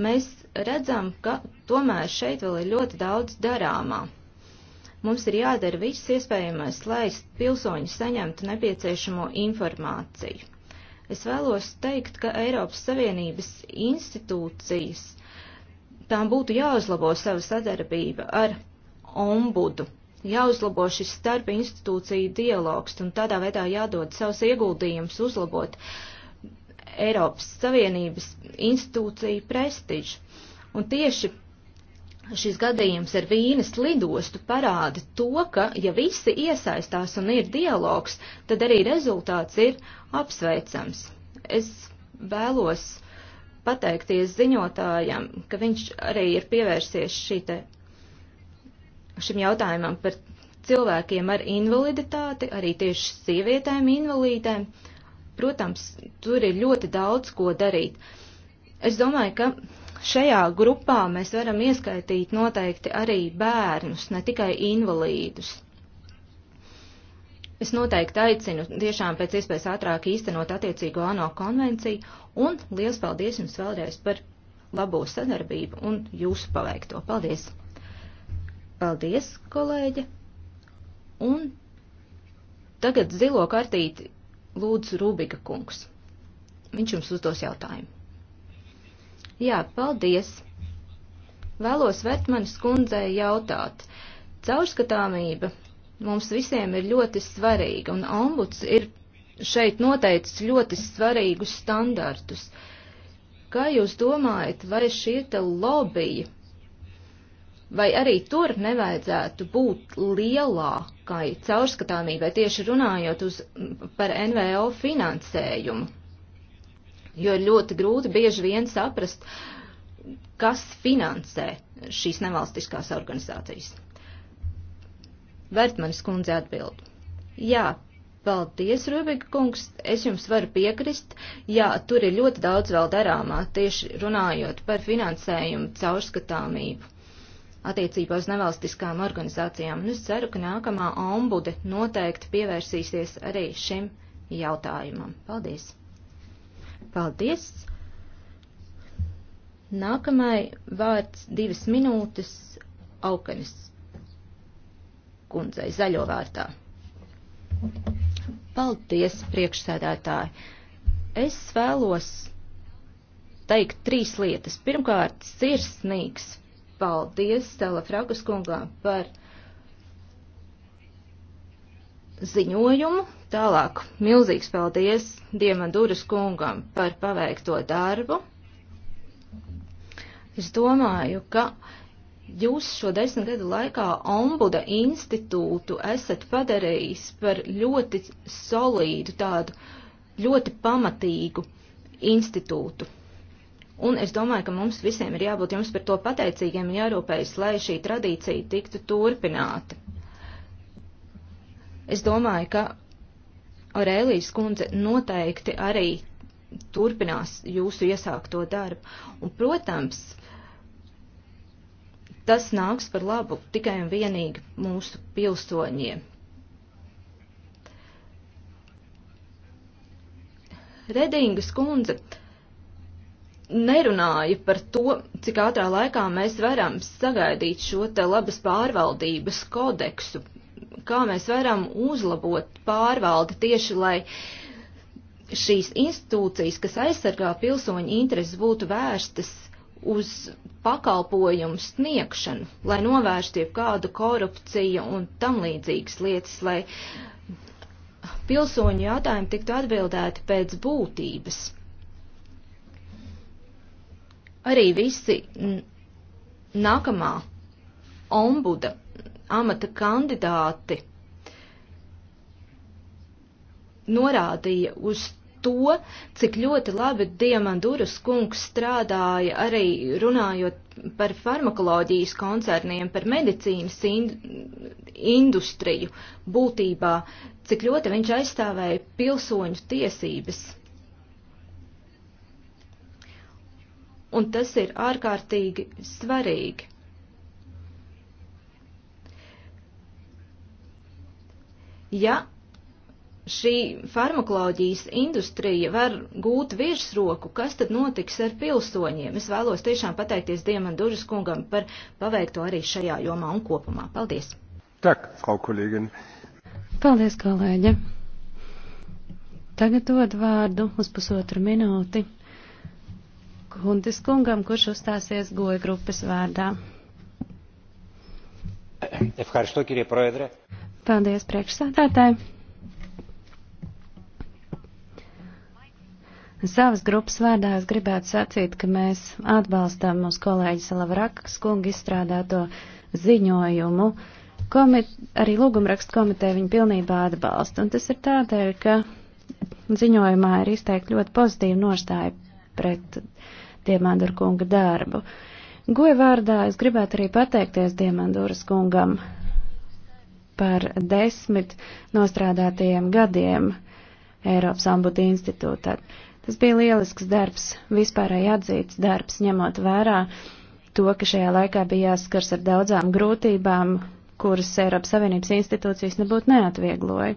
Mēs redzam, ka tomēr šeit vēl ir ļoti daudz darāmā. Mums ir jādara viss iespējamais, lai pilsoņi saņemtu nepieciešamo informāciju. Es vēlos teikt, ka Eiropas Savienības institūcijas tām būtu jāuzlabo sava sadarbība ar ombudu, jāuzlabo šis starp institūciju dialogs un tādā veidā jādod savus ieguldījumus uzlabot Eiropas Savienības institūciju prestižu. Un tieši šis gadījums ar Vīnes lidostu parāda to, ka, ja visi iesaistās un ir dialogs, tad arī rezultāts ir apsveicams. Es vēlos pateikties ziņotājam, ka viņš arī ir pievērsies šite, šim jautājumam par cilvēkiem ar invaliditāti, arī tieši sievietēm invalīdēm. Protams, tur ir ļoti daudz ko darīt. Es domāju, ka šajā grupā mēs varam ieskaitīt noteikti arī bērnus, ne tikai invalīdus. Es noteikti aicinu tiešām pēc iespējas ātrāk īstenot attiecīgo ANO konvenciju un liels paldies jums vēlreiz par labo sadarbību un jūsu paveikto. Paldies! Paldies, kolēģe! Un tagad zilo kartīti lūdzu Rūbiga kungs. Viņš jums uzdos jautājumu. Jā, paldies. Vēlos Vetmanis kundzei jautāt. Caurskatāmība mums visiem ir ļoti svarīga, un ombuds ir šeit noteicis ļoti svarīgus standartus. Kā jūs domājat, vai šie te lobiji, vai arī tur nevajadzētu būt lielākai caurskatāmībai, tieši runājot uz, par NVO finansējumu? jo ir ļoti grūti bieži vien saprast, kas finansē šīs nevalstiskās organizācijas. Vērtmanis kundze atbild. Jā, paldies, Rubika kungs, es jums varu piekrist. Jā, tur ir ļoti daudz vēl darāmā, tieši runājot par finansējumu caurskatāmību attiecībā uz nevalstiskām organizācijām, un es ceru, ka nākamā ombude noteikti pievērsīsies arī šim jautājumam. Paldies! Paldies! Nākamai vārds divas minūtes Aukanis kundzei zaļo vārtā. Paldies, priekšsēdētāji! Es vēlos teikt trīs lietas. Pirmkārt, sirsnīgs paldies Stela Fragus kungām par ziņojumu. Tālāk milzīgs paldies Diemadūras kungam par paveikto darbu. Es domāju, ka jūs šo desmit gadu laikā ombuda institūtu esat padarījis par ļoti solīdu, tādu ļoti pamatīgu institūtu. Un es domāju, ka mums visiem ir jābūt jums par to pateicīgiem un jārūpējas, lai šī tradīcija tiktu turpināta. Es domāju, ka Aurēlijas kundze noteikti arī turpinās jūsu iesākto darbu. Un, protams, tas nāks par labu tikai un vienīgi mūsu pilsoņiem. Redingas kundze nerunāja par to, cik ātrā laikā mēs varam sagaidīt šo te labas pārvaldības kodeksu kā mēs varam uzlabot pārvaldi tieši, lai šīs institūcijas, kas aizsargā pilsoņu intereses, būtu vērstas uz pakalpojumu sniegšanu, lai novērstu jebkādu korupciju un tam līdzīgas lietas, lai pilsoņu jautājumi tiktu atbildēti pēc būtības. Arī visi nākamā ombuda amata kandidāti norādīja uz to, cik ļoti labi Diemandurus kungs strādāja arī runājot par farmakoloģijas koncerniem, par medicīnas industriju, būtībā, cik ļoti viņš aizstāvēja pilsoņu tiesības. Un tas ir ārkārtīgi svarīgi. Ja šī farmakoloģijas industrija var gūt virsroku, kas tad notiks ar pilsoņiem? Es vēlos tiešām pateikties Dievam Dužas kungam par paveikto arī šajā jomā un kopumā. Paldies! Tak, Frau Kolēģin! Paldies, kolēģi! Tagad dod vārdu uz pusotru minūti Kuntis kungam, kurš uzstāsies goja grupas vārdā. Efkārsto, kirie proedre! Paldies priekšsādātāji. Savas grupas vārdā es gribētu sacīt, ka mēs atbalstām mūsu kolēģi Salavrakas kungu izstrādāto ziņojumu. Komit, arī lūgumrakstu komiteja viņu pilnībā atbalsta, un tas ir tādēļ, ka ziņojumā ir izteikti ļoti pozitīva nostāja pret Diemandura kunga darbu. Goja vārdā es gribētu arī pateikties Diemanduras kungam par desmit nostrādātajiem gadiem Eiropas ambudu institūtā. Tas bija lielisks darbs, vispārēji atzīts darbs, ņemot vērā to, ka šajā laikā bija jāskars ar daudzām grūtībām, kuras Eiropas Savienības institūcijas nebūtu neatviegloja.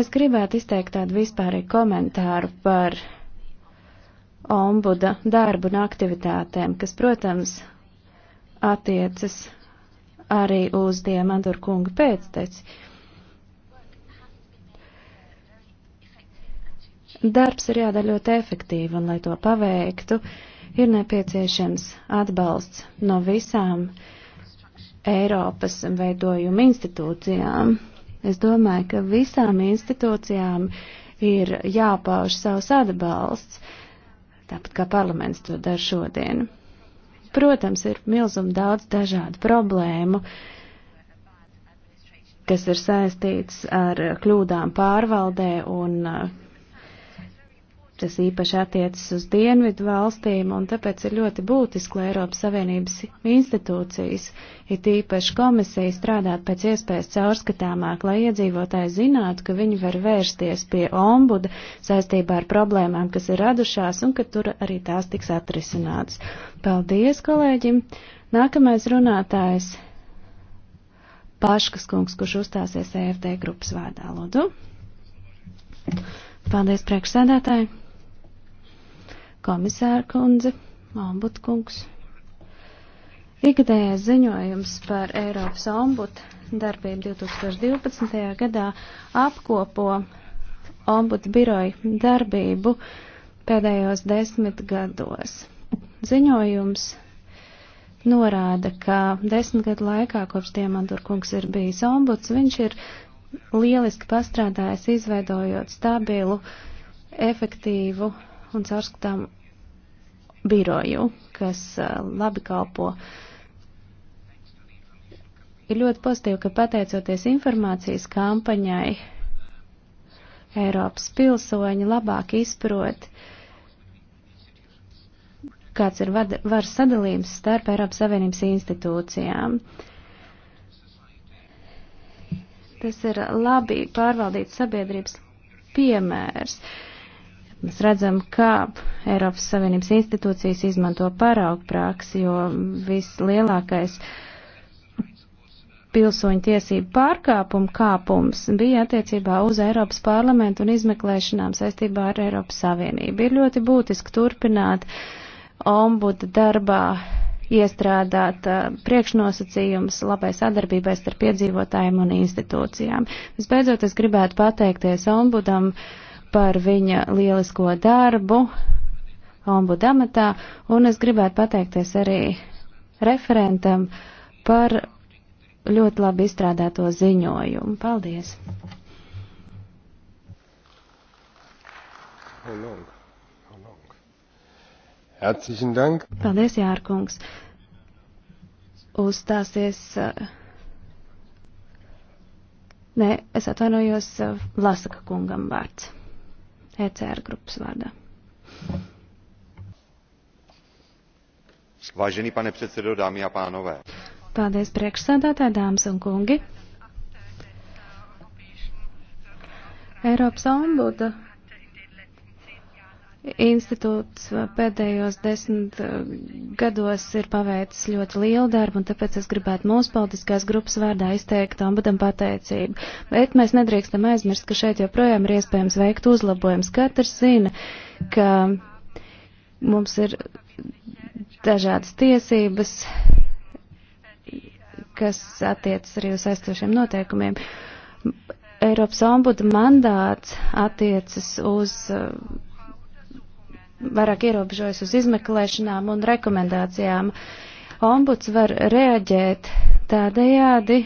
Es gribētu izteikt tādu vispārīgu komentāru par ombuda darbu un aktivitātēm, kas, protams, attiecas arī uz Diemandur kunga pēcteci. Darbs ir jādara ļoti efektīvi, un, lai to paveiktu, ir nepieciešams atbalsts no visām Eiropas veidojuma institūcijām. Es domāju, ka visām institūcijām ir jāpauž savs atbalsts, tāpat kā parlaments to dara šodien. Protams, ir milzum daudz dažādu problēmu, kas ir saistīts ar kļūdām pārvaldē un uh, Tas īpaši attiecas uz dienvidu valstīm, un tāpēc ir ļoti būtiski, lai Eiropas Savienības institūcijas, it īpaši komisija, strādātu pēc iespējas caurskatāmāk, lai iedzīvotāji zinātu, ka viņi var vērsties pie ombuda saistībā ar problēmām, kas ir radušās, un ka tur arī tās tiks atrisinātas. Paldies, kolēģim! Nākamais runātājs - Paškas kungs, kurš uzstāsies EFD grupas vārdā. Lūdzu! Paldies, priekšsēdētāji! komisāra kundze, ombudkungs. Ikgadējais ziņojums par Eiropas ombudu darbību 2012. gadā apkopo ombudu biroju darbību pēdējos desmit gados. Ziņojums norāda, ka desmit gadu laikā, kopš Diemandurkungs ir bijis ombuds, viņš ir lieliski pastrādājis, izveidojot stabilu, efektīvu un caurskatām biroju, kas labi kalpo. Ir ļoti pozitīvi, ka pateicoties informācijas kampaņai, Eiropas pilsoņi labāk izprot, kāds ir varas sadalījums starp Eiropas Savienības institūcijām. Tas ir labi pārvaldīts sabiedrības piemērs. Uh, Mēs redzam, kā Eiropas Savienības institūcijas izmanto paraugu praksi, jo vislielākais pilsoņu tiesību pārkāpumu kāpums bija attiecībā uz Eiropas parlamentu un izmeklēšanām saistībā ar Eiropas Savienību. Ir ļoti būtiski turpināt ombuda darbā iestrādāt uh, priekšnosacījums labai sadarbībai starp piedzīvotājiem un institūcijām. Visbeidzot, es gribētu pateikties ombudam. Uh, par viņa lielisko darbu ombudu amatā, un es gribētu pateikties arī referentam par ļoti labi izstrādāto ziņojumu. Paldies! How long? How long? Herzlichen Dank. Paldies, Jārkungs. Uzstāsies. Uh, Nē, es atvainojos uh, Lasaka kungam vārds. ECR grupas vārdā. Vážený pane předsedo, dámy a pánové. Paldies priekšsēdētāji, dāmas un kungi. Eiropas ombuda Institūts uh, pēdējos desmit uh, gados ir paveicis ļoti lielu darbu, un tāpēc es gribētu mūsu politiskās grupas vārdā izteikt ombudam pateicību. Bet mēs nedrīkstam aizmirst, ka šeit joprojām ir iespējams veikt uzlabojums. Katrs zina, ka mums ir dažādas tiesības, kas attiecas arī uz aizstošiem noteikumiem. Eiropas ombuda mandāts attiecas uz uh, vairāk ierobežojas uz izmeklēšanām un rekomendācijām. Ombuds var reaģēt tādējādi,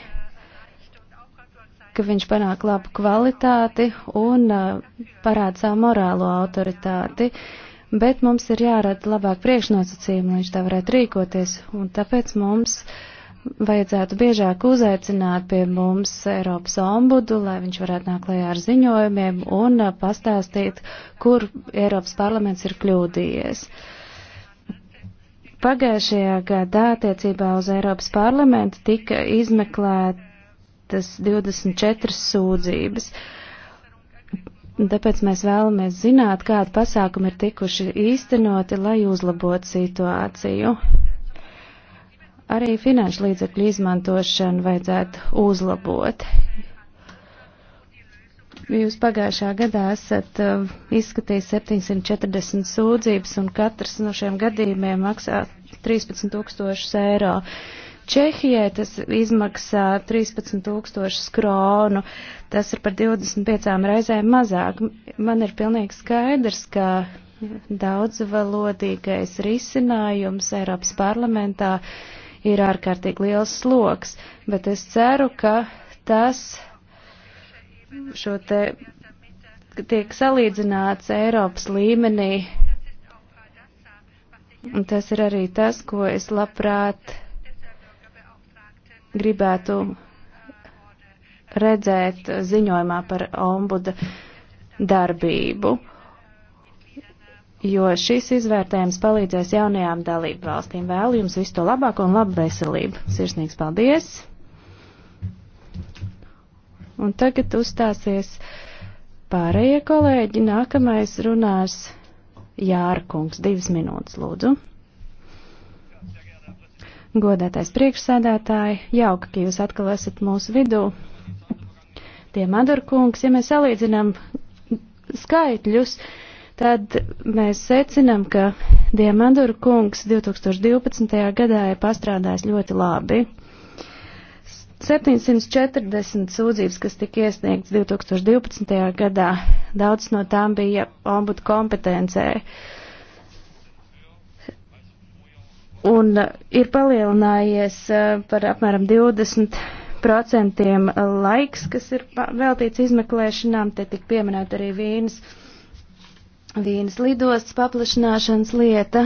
ka viņš panāk labu kvalitāti un uh, parāda savu morālo autoritāti, bet mums ir jārada labāk priekšnosacījumi, lai viņš tā varētu rīkoties, un tāpēc mums uh, vajadzētu biežāk uzaicināt pie mums Eiropas ombudu, lai viņš varētu nākt klajā ar ziņojumiem un uh, pastāstīt, kur Eiropas parlaments ir kļūdījies. Pagājušajā gadā attiecībā uz Eiropas parlamentu tika izmeklētas 24 sūdzības. Tāpēc mēs vēlamies zināt, kādi pasākumi ir tikuši īstenoti, lai uzlabotu situāciju. Arī finanšu līdzekļu izmantošanu vajadzētu uzlabot. Jūs pagājušā gadā esat uh, izskatījis 740 sūdzības, un katrs no šiem gadījumiem maksā 13 tūkstošus eiro. Čehijai tas izmaksā 13 tūkstošus kronu, tas ir par 25 reizēm mazāk. Man ir pilnīgi skaidrs, ka daudzvalodīgais risinājums Eiropas parlamentā uh, ir ārkārtīgi liels sloks, bet es ceru, ka tas šo te tiek salīdzināts Eiropas līmenī. Un tas ir arī tas, ko es labprāt gribētu redzēt ziņojumā par ombuda darbību jo šis izvērtējums palīdzēs jaunajām dalību valstīm. Vēlu jums visu to labāko un labu veselību. Sirsnīgs paldies! Un tagad uzstāsies pārējie kolēģi. Nākamais runās Jārkungs. Divas minūtes, lūdzu. Godētais priekšsēdētāji, jauka, ka jūs atkal esat mūsu vidū. Tie Madurkungs, ja mēs salīdzinām skaitļus, uh, tad mēs secinam, ka Diemandura kungs 2012. gadā ir pastrādājis ļoti labi. 740 sūdzības, kas tika iesniegts 2012. gadā, daudz no tām bija ombudu kompetencē. Un uh, ir palielinājies uh, par apmēram 20% laiks, kas ir veltīts izmeklēšanām, te tik pieminēt arī vīnas Vienas lidostas paplašināšanas lieta.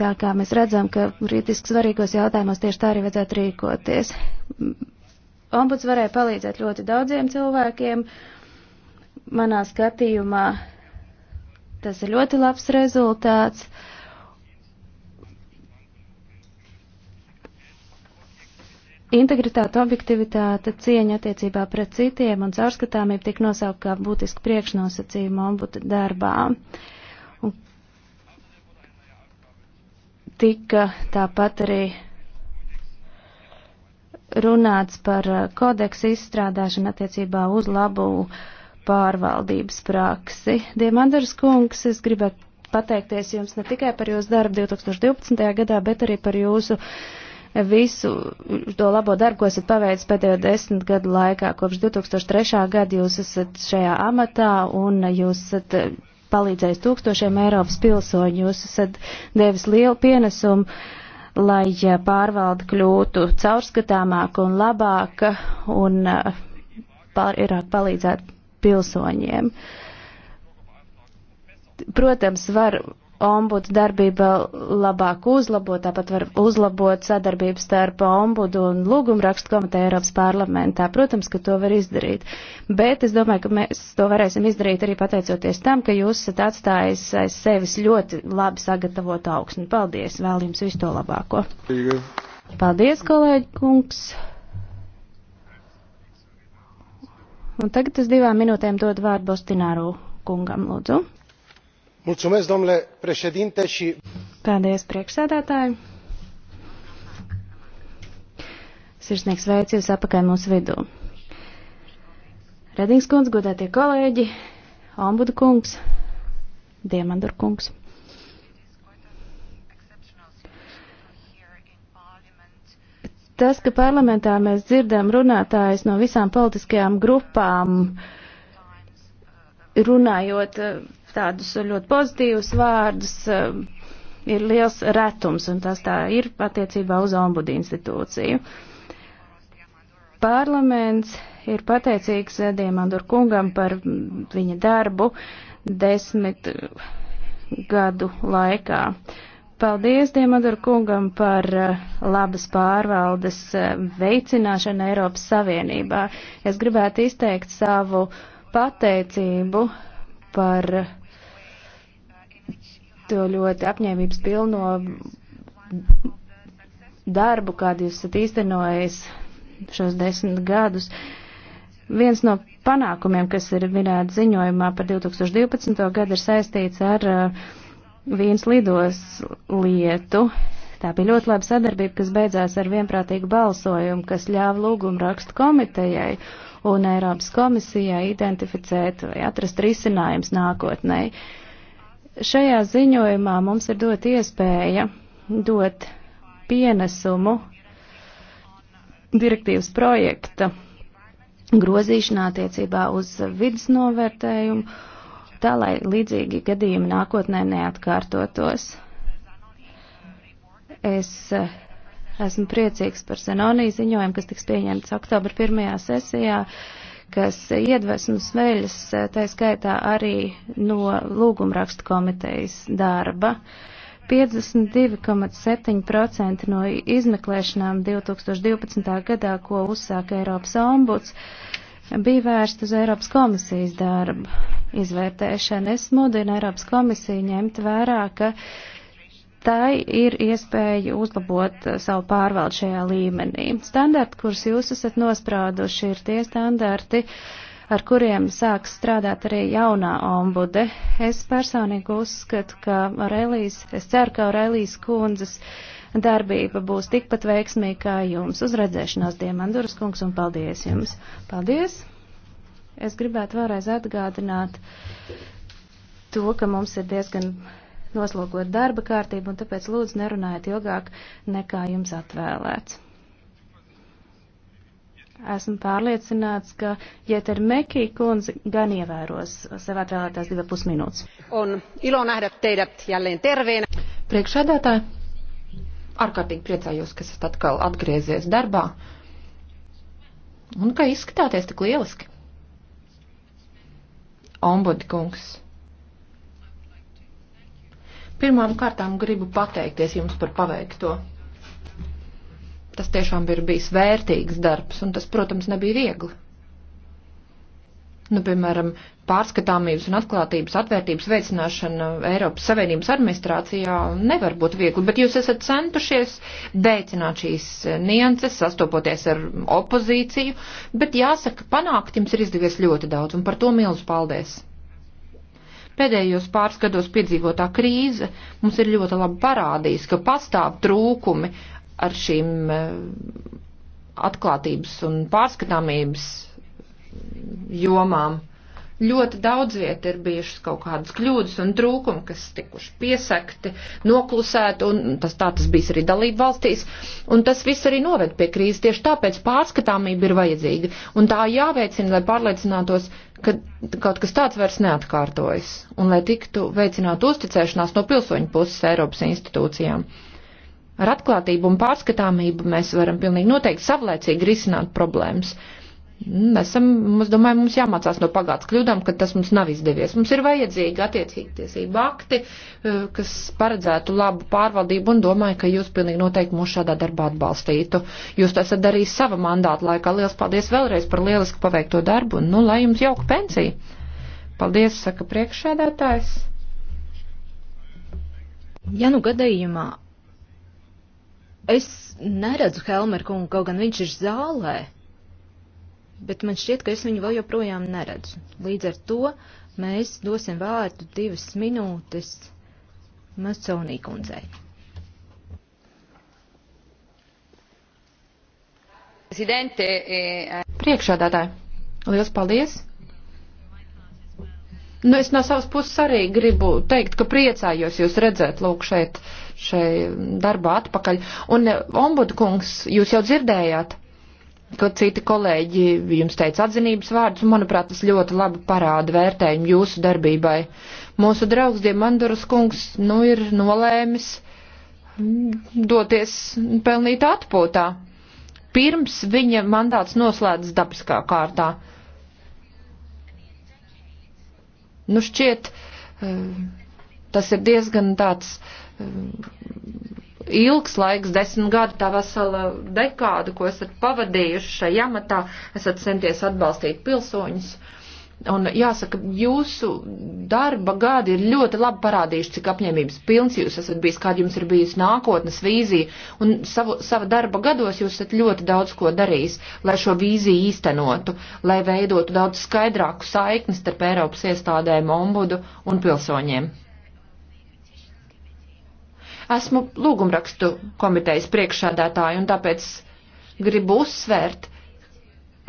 Tā kā mēs redzam, ka rītiski svarīgos jautājumos tieši tā arī vajadzētu rīkoties. Ombuds varēja palīdzēt ļoti daudziem cilvēkiem. Manā skatījumā tas ir ļoti labs rezultāts. Uh, Integritāte, objektivitāte, cieņa attiecībā pret citiem un caurskatāmība tiek nosaukt kā būtiski priekšnosacījumi ombuda darbā. Un tika tāpat arī runāts par uh, kodeksu izstrādāšanu attiecībā uz labu pārvaldības praksi. Diemandars kungs, es gribētu pateikties jums ne tikai par jūsu darbu 2012. gadā, bet arī par jūsu uh, visu to labo darbu, ko esat paveicis pēdējo desmit gadu laikā. Kopš 2003. gada jūs esat šajā amatā un jūs esat eh, palīdzējis tūkstošiem Eiropas pilsoņu. Jūs esat devis lielu pienesumu lai eh, pārvalde kļūtu caurskatāmāka un labāka un vairāk eh, palīdzētu pilsoņiem. Protams, var ombudu darbība labāk uzlabot, tāpat var uzlabot sadarbību starp ombudu un lūgumrakstu komiteju Eiropas parlamentā. Protams, ka to var izdarīt, bet es domāju, ka mēs to varēsim izdarīt arī pateicoties tam, ka jūs esat atstājis aiz sevis ļoti labi sagatavot augsni. Paldies, vēl jums visu to labāko. Paldies, kolēģi kungs. Un tagad es divām minūtēm dodu vārdu Bostināru kungam, lūdzu. Mulțumesc, domnule președinte, și... Paldies, priekšsēdētāji. Sirsnieks sveicu jūs apakaļ mūsu vidū. Redings kundz, godētie kolēģi, ombudu kungs, diemandur kungs. Tas, ka parlamentā mēs dzirdam runātājus no visām politiskajām grupām, runājot tādus ļoti pozitīvus vārdus e, ir liels retums, un tas tā ir attiecībā uz ombudu institūciju. Parlaments ir pateicīgs Diemandur kungam par viņa darbu desmit gadu laikā. Paldies Diemandur kungam par e, labas pārvaldes e, veicināšanu Eiropas Savienībā. Es gribētu izteikt savu pateicību par to ļoti apņēmības pilno darbu, kādu jūs esat īstenojis šos desmit gadus. Viens no panākumiem, kas ir minēts ziņojumā par 2012. gadu, ir saistīts ar uh, vīns lidos lietu. Tā bija ļoti laba sadarbība, kas beidzās ar vienprātīgu balsojumu, kas ļāva lūgumu rakstu komitejai un Eiropas komisijai identificēt vai atrast risinājums nākotnēji. Uh, Šajā ziņojumā mums ir dot iespēja dot pienesumu direktīvas projekta grozīšanā attiecībā uz vidas novērtējumu, tā lai līdzīgi gadījumi nākotnē neatkārtotos. Es eh, esmu priecīgs par Senonī ziņojumu, kas tiks pieņemts oktobra pirmajā sesijā. Uh, kas iedvesmas veļas, tā skaitā arī no lūgumrakstu komitejas darba. 52,7% no izmeklēšanām 2012. gadā, ko uzsāka Eiropas ombuds, bija vērsta uz Eiropas komisijas darbu izvērtēšanu. Es mudinu Eiropas komisiju ņemt vērā, ka tai ir iespēja uzlabot savu pārvaldu šajā līmenī. Standarti, kurus jūs esat nosprauduši, ir tie standarti, ar kuriem sāks strādāt arī jaunā ombude. Es personīgi uzskatu, ka Aurelijas, es ceru, ka Aurelijas kundzes darbība būs tikpat veiksmīga kā jums. Uzredzēšanos, Diemanduras kungs, un paldies jums! Paldies! Es gribētu vēlreiz atgādināt to, ka mums ir diezgan noslogot darba kārtību, un tāpēc lūdzu nerunājiet ilgāk nekā jums atvēlēts. Esmu pārliecināts, ka Jetermeki ja kundze gan ievēros sev atvēlētās divas pusminūtes. Un ilo nähdä teidät jälleen terveenä. Priekšsēdētāji, ārkārtīgi priecājos, ka esat atkal atgriezies darbā un ka izskatāties tik lieliski. Ombudi kungs. Pirmām kārtām gribu pateikties jums par paveikto. Tas tiešām ir bijis vērtīgs darbs, un tas, protams, nebija viegli. Nu, piemēram, pārskatāmības un atklātības atvērtības veicināšana Eiropas Savienības administrācijā nevar būt viegli, bet jūs esat centušies veicināt šīs nianses, sastopoties ar opozīciju, bet jāsaka, panākt jums ir izdevies ļoti daudz, un par to milzu paldies! Pēdējos pāris gados piedzīvotā krīze mums ir ļoti labi parādījis, ka pastāv trūkumi ar šīm eh, atklātības un pārskatāmības jomām. Ļoti daudz viet ir bijušas kaut kādas kļūdas un trūkumi, kas tikuši piesekti, noklusēti, un tas tā tas bijis arī dalību valstīs, un tas viss arī noved pie krīzes. Tieši tāpēc pārskatāmība ir vajadzīga, un tā jāveicina, lai pārliecinātos, ka kaut kas tāds vairs neatkārtojas un lai tiktu veicināt uzticēšanās no pilsoņu puses Eiropas institūcijām. Ar atklātību un pārskatāmību mēs varam pilnīgi noteikti savlaicīgi risināt problēmas Esam, es domāju, mums jāmācās no pagātnes kļūdām, kad tas mums nav izdevies. Mums ir vajadzīgi attiecīgi tiesība akti, eh, kas paredzētu labu pārvaldību un domāju, ka jūs pilnīgi noteikti mūs šādā darbā atbalstītu. Jūs to esat darījis sava mandāta laikā. Lielas paldies vēlreiz par lielisku paveikto darbu un, nu, lai jums jauka pensija. Paldies, saka priekšsēdētājs. Ja nu gadījumā es neredzu Helmer kungu, kaut gan viņš ir zālē bet man šķiet, ka es viņu vēl joprojām neredzu. Līdz ar to mēs dosim vārdu divas minūtes Macaunī kundzei. Eh, eh. Priekšādātāji, liels paldies! Nu, es no savas puses arī gribu teikt, ka priecājos jūs redzēt, lūk, šeit, šeit darbā atpakaļ. Un, eh, ombudu kungs, jūs jau dzirdējāt, ka citi kolēģi jums teica atzinības vārdus, un manuprāt, tas ļoti labi parāda vērtējumu jūsu darbībai. Mūsu draugs Diemanduras kungs, nu, ir nolēmis mm, doties pelnīt atpūtā. Pirms viņa mandāts noslēdzas dabiskā kārtā. Nu, šķiet, eh, tas ir diezgan tāds eh, ilgs laiks, desmit gadi, tā vesela dekāda, ko esat pavadījuši šajā amatā, esat centies atbalstīt pilsoņus. Un jāsaka, jūsu darba gadi ir ļoti labi parādījuši, cik apņēmības pilns jūs esat bijis, kāda jums ir bijusi nākotnes vīzija. Un savu, sava darba gados jūs esat ļoti daudz ko darījis, lai šo vīziju īstenotu, lai veidotu daudz skaidrāku saikni starp Eiropas iestādēm, ombudu un pilsoņiem. Esmu lūgumrakstu komitejas priekšādātāja un tāpēc gribu uzsvērt,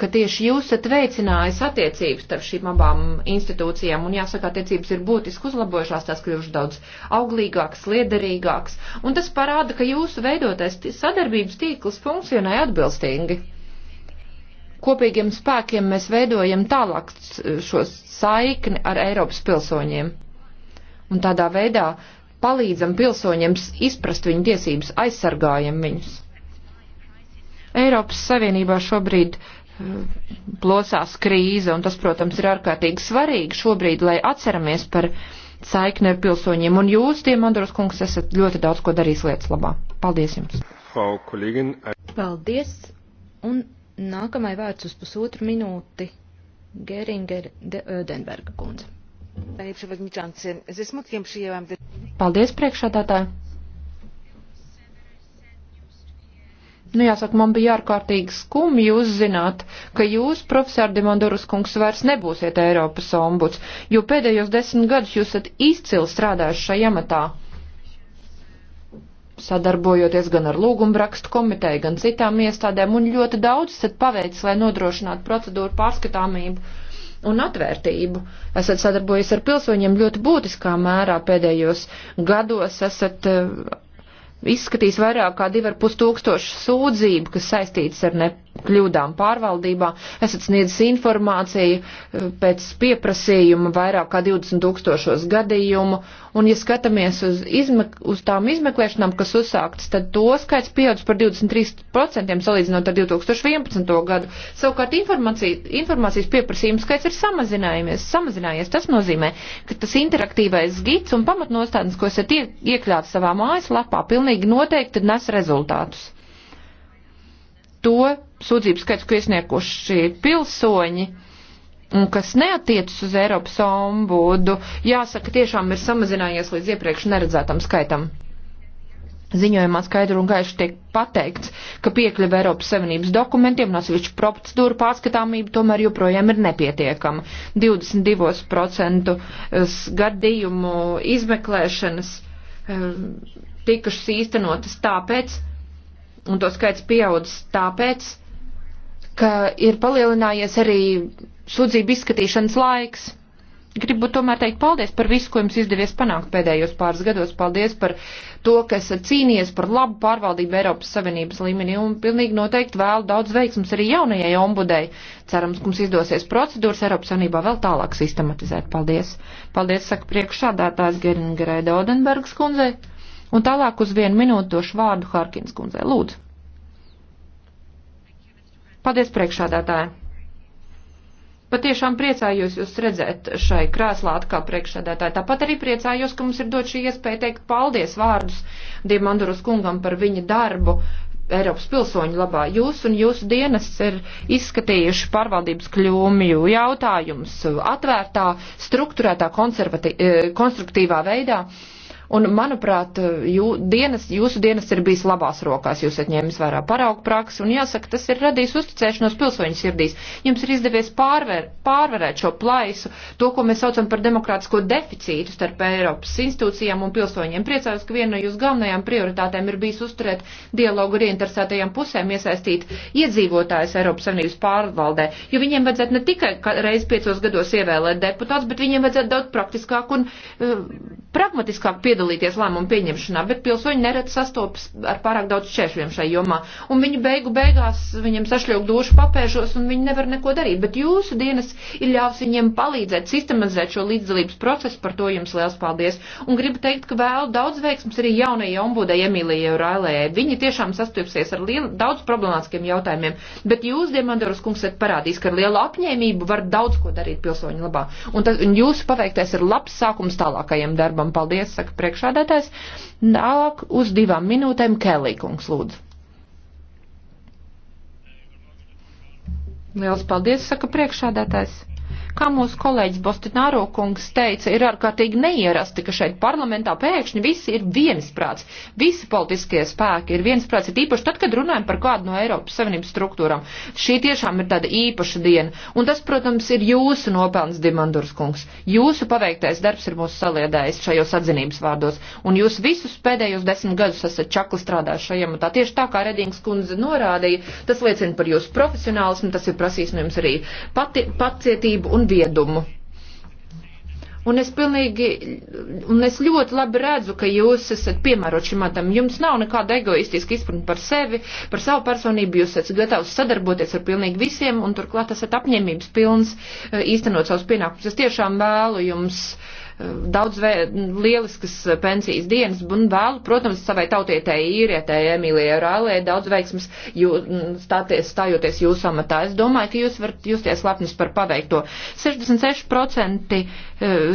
ka tieši jūs esat veicinājis attiecības starp šīm abām institūcijām, un jāsaka, attiecības ir būtiski uzlabojušās, tās kļuvušas daudz auglīgākas, liederīgākas, un tas parāda, ka jūsu veidotais sadarbības tīkls funkcionē atbilstīgi. Kopīgiem spēkiem mēs veidojam tālāk šo saikni ar Eiropas pilsoņiem. Un tādā veidā palīdzam pilsoņiem izprast viņu tiesības, aizsargājam viņus. Eiropas Savienībā šobrīd plosās eh, krīze, un tas, protams, ir ārkārtīgi svarīgi šobrīd, lai atceramies par saikni ar pilsoņiem, un jūs, tie Mandoras kungs, esat ļoti daudz ko darījis lietas labā. Paldies jums! Paldies! Un nākamai vārds uz pusotru minūti Geringer de Ödenberga kundze. Paldies, priekšādātāji! Nu, jāsaka, man bija ārkārtīgi skumji uzzināt, ka jūs, profesor Dimandurus kungs, vairs nebūsiet Eiropas ombuds, jo pēdējos desmit gadus jūs esat izcili strādājuši šajā amatā, sadarbojoties gan ar lūgumbrakstu komiteju, gan citām iestādēm, un ļoti daudz esat paveicis, lai nodrošinātu procedūru pārskatāmību un atvērtību. Esat sadarbojies ar pilsoņiem ļoti būtiskā mērā pēdējos gados. Esat eh, izskatījis vairāk kā 2,5 tūkstošu sūdzību, kas saistītas ar ne kļūdām pārvaldībā. Esat sniedzis informāciju eh, pēc pieprasījuma vairāk kā 20 tūkstošos gadījumu, un ja skatāmies uz, izmek uz tām izmeklēšanām, kas uzsāktas, tad to skaits pieaudz par 23% salīdzinot ar 2011. gadu. Savukārt informācijas pieprasījuma skaits ir samazinājies. samazinājies. Tas nozīmē, ka tas interaktīvais gids un pamatnostādnes, ko esat ie iekļāvis savā mājaslapā, pilnīgi noteikti nes rezultātus to sūdzību skaits, ko iesnieguši pilsoņi un kas neatiecas uz Eiropas ombudu, jāsaka, tiešām ir samazinājies līdz iepriekš neredzētam skaitam. Ziņojumā skaidru un gaišu tiek pateikts, ka piekļuva Eiropas Savienības dokumentiem un atsevišķu procedūru pārskatāmība tomēr joprojām ir nepietiekama. 22% gadījumu izmeklēšanas eh, tikušas īstenotas tāpēc, Un to skaits pieaudzis tāpēc, ka ir palielinājies arī sūdzību izskatīšanas laiks. Gribu tomēr teikt paldies par visu, ko jums izdevies panākt pēdējos pāris gados. Paldies par to, ka esat cīnījies par labu pārvaldību Eiropas Savienības līmenī un pilnīgi noteikti vēl daudz veiksmus arī jaunajai ombudei. Cerams, ka mums izdosies procedūras Eiropas Savienībā vēl tālāk sistematizēt. Paldies! Paldies, saka priekšādātājs Geringerai Daudenbergas kundzei! Un tālāk uz vienu minūtu došu vārdu Harkins kundzei. Lūdzu. Paldies priekšādātāji. Patiešām priecājos jūs redzēt šai krēslā atkal priekšādātāji. Tāpat arī priecājos, ka mums ir dot šī iespēja teikt paldies vārdus Diemanduras kungam par viņa darbu Eiropas pilsoņu labā. Jūs un jūsu dienas ir izskatījuši pārvaldības kļūmju jautājumus atvērtā, struktūrētā, eh, konstruktīvā veidā. Uh, un, manuprāt, jū, dienas, jūsu dienas ir bijis labās rokās, jūs esat ņēmis vērā paraugu praksi, un jāsaka, tas ir radījis uzticēšanos pilsoņu sirdīs. Jums ir izdevies pārver, pārvarēt šo plaisu, to, ko mēs saucam par demokrātisko deficītu starp Eiropas institūcijām un pilsoņiem. Priecājos, ka viena no jūsu galvenajām prioritātēm ir bijis uzturēt dialogu ar ieinteresētajām pusēm, iesaistīt iedzīvotājus Eiropas Savienības pārvaldē, jo viņiem vajadzētu ne tikai reiz piecos gados ievēlēt deputāts, bet viņiem vajadzētu daudz praktiskāk un uh, pragmatiskāk piedalīties piedalīties lēmumu pieņemšanā, bet pilsoņi neredz sastopas ar pārāk daudz šķēršļiem šai jomā. Un viņi beigu beigās, viņiem sašļauk dušu papēžos un viņi nevar neko darīt. Bet jūsu dienas ir ļāvis viņiem palīdzēt sistematizēt šo līdzdalības procesu, par to jums liels paldies. Un gribu teikt, ka vēl daudz veiksmas arī jaunajai ombudai Emīlijai Railējai. Viņi tiešām sastopsies ar lielu, daudz problemātiskiem jautājumiem, bet jūs, Diemandoras kungs, esat parādījis, ka ar lielu apņēmību var daudz ko darīt pilsoņu labā. Un, tas, un jūsu paveiktais ir labs sākums tālākajam darbam. Paldies, saka priekšsēdētājs priekšādātājs. Tālāk uz divām minūtēm Kelīkungs lūdzu. Liels paldies, saka priekšādātājs. Kā mūsu kolēģis Bostināro kungs teica, ir ārkārtīgi neierasti, ka šeit parlamentā pēkšņi visi ir viensprāts. Visi politiskie spēki ir viensprāts, ir īpaši tad, kad runājam par kādu no Eiropas Savienības struktūram. Šī tiešām ir tāda īpaša diena. Un tas, protams, ir jūsu nopelns, Dimandurs kungs. Jūsu paveiktais darbs ir mūsu saliedājis šajos atzinības vārdos. Un jūs visus pēdējos desmit gadus esat čakli strādājuši šajam un tā. Tieši tā kā Redings kundze norādīja, tas liecina par jūsu profesionālismu, tas ir prasījis no jums arī pati, pacietību. Un un viedumu. Un es pilnīgi, un es ļoti labi redzu, ka jūs esat piemērot šim matam. Jums nav nekāda egoistiska izpratne par sevi, par savu personību. Jūs esat gatavs sadarboties ar pilnīgi visiem, un turklāt esat apņēmības pilns eh, īstenot savus pienākumus. Es tiešām vēlu jums uh, daudz vē, lieliskas pensijas dienas un vēlu, protams, savai tautietēji īrietēji Emīlijai Rālē daudz veiksmas jū, stāties, stājoties jūsu amatā. Es domāju, ka jūs varat justies lepnis par paveikto. 66% e,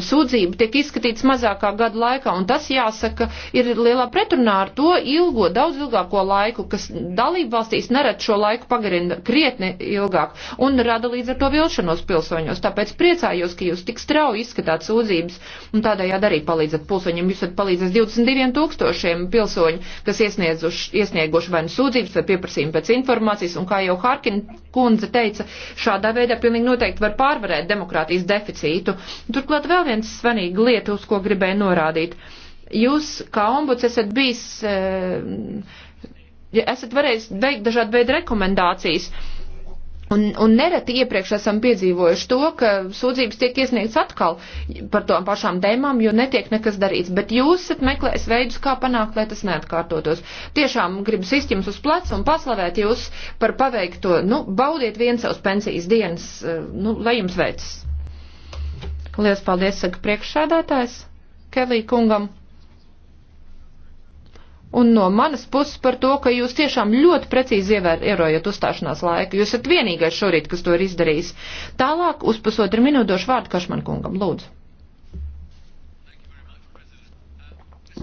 sūdzību tiek izskatīts mazākā gada laikā, un tas, jāsaka, ir lielā pretrunā ar to ilgo, daudz ilgāko laiku, kas dalību valstīs nerad šo laiku pagarina krietni ilgāk un rada līdz ar to vilšanos pilsoņos. Tāpēc priecājos, ka jūs tik strauji izskatāt sūdzības un tādējādi arī palīdzat pilsoņiem. Jūs esat palīdzējis 22 tūkstošiem pilsoņu, kas iesnieguši vai nu sūdzības vai pieprasījumu pēc informācijas, un kā jau Harkina kundze teica, šādā veidā pilnīgi noteikti var pārvarēt demokrātijas deficītu. Turklāt vēl viens svarīga lieta, uz ko gribēju norādīt. Jūs, kā ombuds, esat bijis. E, esat varējis veikt dažādu veidu rekomendācijas Un, un nereti iepriekš esam piedzīvojuši to, ka sūdzības tiek iesniegts atkal par tām pašām tēmām, jo netiek nekas darīts. Bet jūs esat meklējis veidus, kā panākt, lai tas neatkārtotos. Tiešām gribu sist jums uz plecu un paslavēt jūs par paveikto. Nu, baudiet viens savus pensijas dienas, eh, nu, lai jums veicas. Lielas paldies, saka priekšsēdētājs Kelī kungam un no manas puses par to, ka jūs tiešām ļoti precīzi ievērojat uzstāšanās laiku. Jūs esat vienīgais šorīt, kas to ir izdarījis. Tālāk uz pusotru minūtošu vārdu Kašman kungam, lūdzu.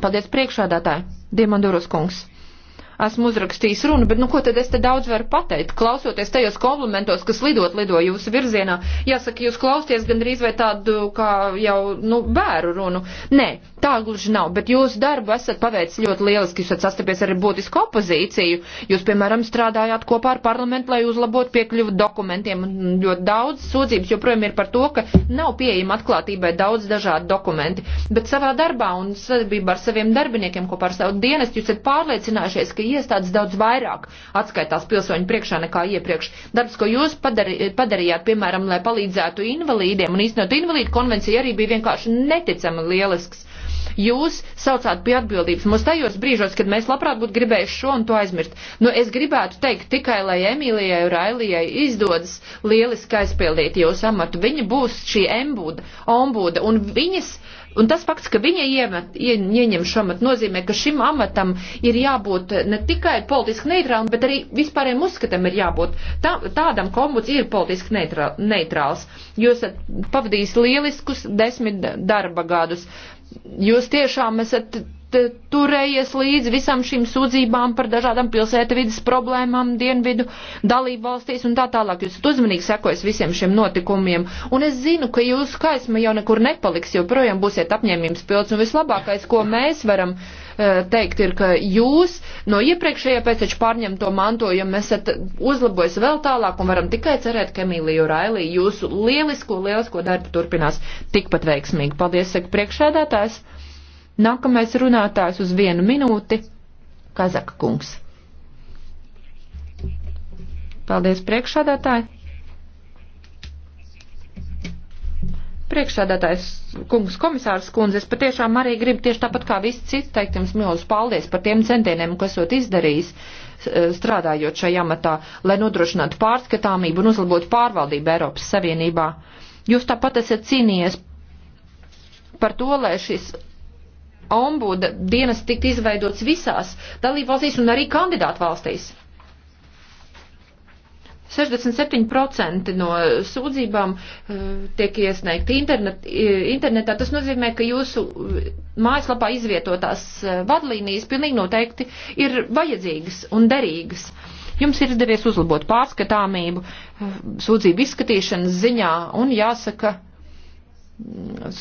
Paldies priekšādātāji, Diemanduros kungs esmu uzrakstījis runu, bet nu ko tad es te daudz varu pateikt? Klausoties tajos komplimentos, kas lidot lido jūsu virzienā, jāsaka, jūs klausties gandrīz vai tādu kā jau, nu, bēru runu. Nē, tā gluži nav, bet jūsu darbu esat paveicis ļoti lieliski, jūs esat sastapies ar būtisku opozīciju. Jūs, piemēram, strādājāt kopā ar parlamentu, lai uzlabotu piekļuvu dokumentiem. Ļoti daudz sūdzības joprojām ir par to, ka nav pieejama atklātībai daudz dažādu dokumenti. Bet savā darbā un sadarbībā ar saviem darbiniekiem kopā ar savu dienestu jūs esat pārliecinājušies, ka iestādes daudz vairāk atskaitās pilsoņu priekšā nekā iepriekš. Darbs, ko jūs padari, padarījāt, piemēram, lai palīdzētu invalīdiem un īstenot invalīdu konvenciju, arī bija vienkārši neticami lielisks. Jūs saucāt pie atbildības mums tajos brīžos, kad mēs labprāt būtu gribējuši šo un to aizmirst. Nu, es gribētu teikt tikai, lai Emīlijai un Railijai izdodas lieliski aizpildīt jūsu amatu. Viņa būs šī embuda, ombuda, un viņas uh, Un tas fakts, ka viņa iemet, ie, ieņem šo amatu, nozīmē, ka šim amatam ir jābūt ne tikai politiski neitrālam, bet arī vispārējiem uzskatam ir jābūt. Tā, tādam kombuds ir politiski neitrā, neitrāls. Jūs esat pavadījis lieliskus desmit darba gadus. Jūs tiešām esat Eh, turējies līdz visam šīm sūdzībām par dažādām pilsēta vidas problēmām, dienvidu dalību valstīs un tā tālāk. Jūs esat uzmanīgi sekojis visiem šiem notikumiem. Un es zinu, ka jūsu skaisma jau nekur nepaliks, jo projām būsiet apņēmības pilns. Un vislabākais, ko mēs varam uh, teikt, ir, ka jūs no iepriekšējā pēcteču pārņemto mantojumu esat uzlabojis vēl tālāk un varam tikai cerēt, ka Emīlija Railī jūsu lielisko, lielisko darbu turpinās tikpat veiksmīgi. Paldies, saka priekšēdētājs. Nākamais runātājs uz vienu minūti - Kazaka kungs. Paldies priekšādātāji. Priekšādātājs kungs komisārs kundze, es patiešām arī gribu tieši tāpat kā visi citi teikt jums milzu paldies par tiem centieniem, ko esot izdarījis e, strādājot šajā amatā, lai nodrošinātu pārskatāmību un uzlabotu pārvaldību Eiropas Savienībā. Jūs tāpat esat cīnījies par to, lai šis ombuda dienas tikt izveidots visās dalībvalstīs un arī kandidātu valstīs. 67% no sūdzībām uh, tiek iesniegti internet, eh, internetā. Tas nozīmē, ka jūsu eh, mājaslapā izvietotās vadlīnijas pilnīgi noteikti ir vajadzīgas un derīgas. Jums ir izdevies uzlabot pārskatāmību uh, sūdzību izskatīšanas ziņā un jāsaka,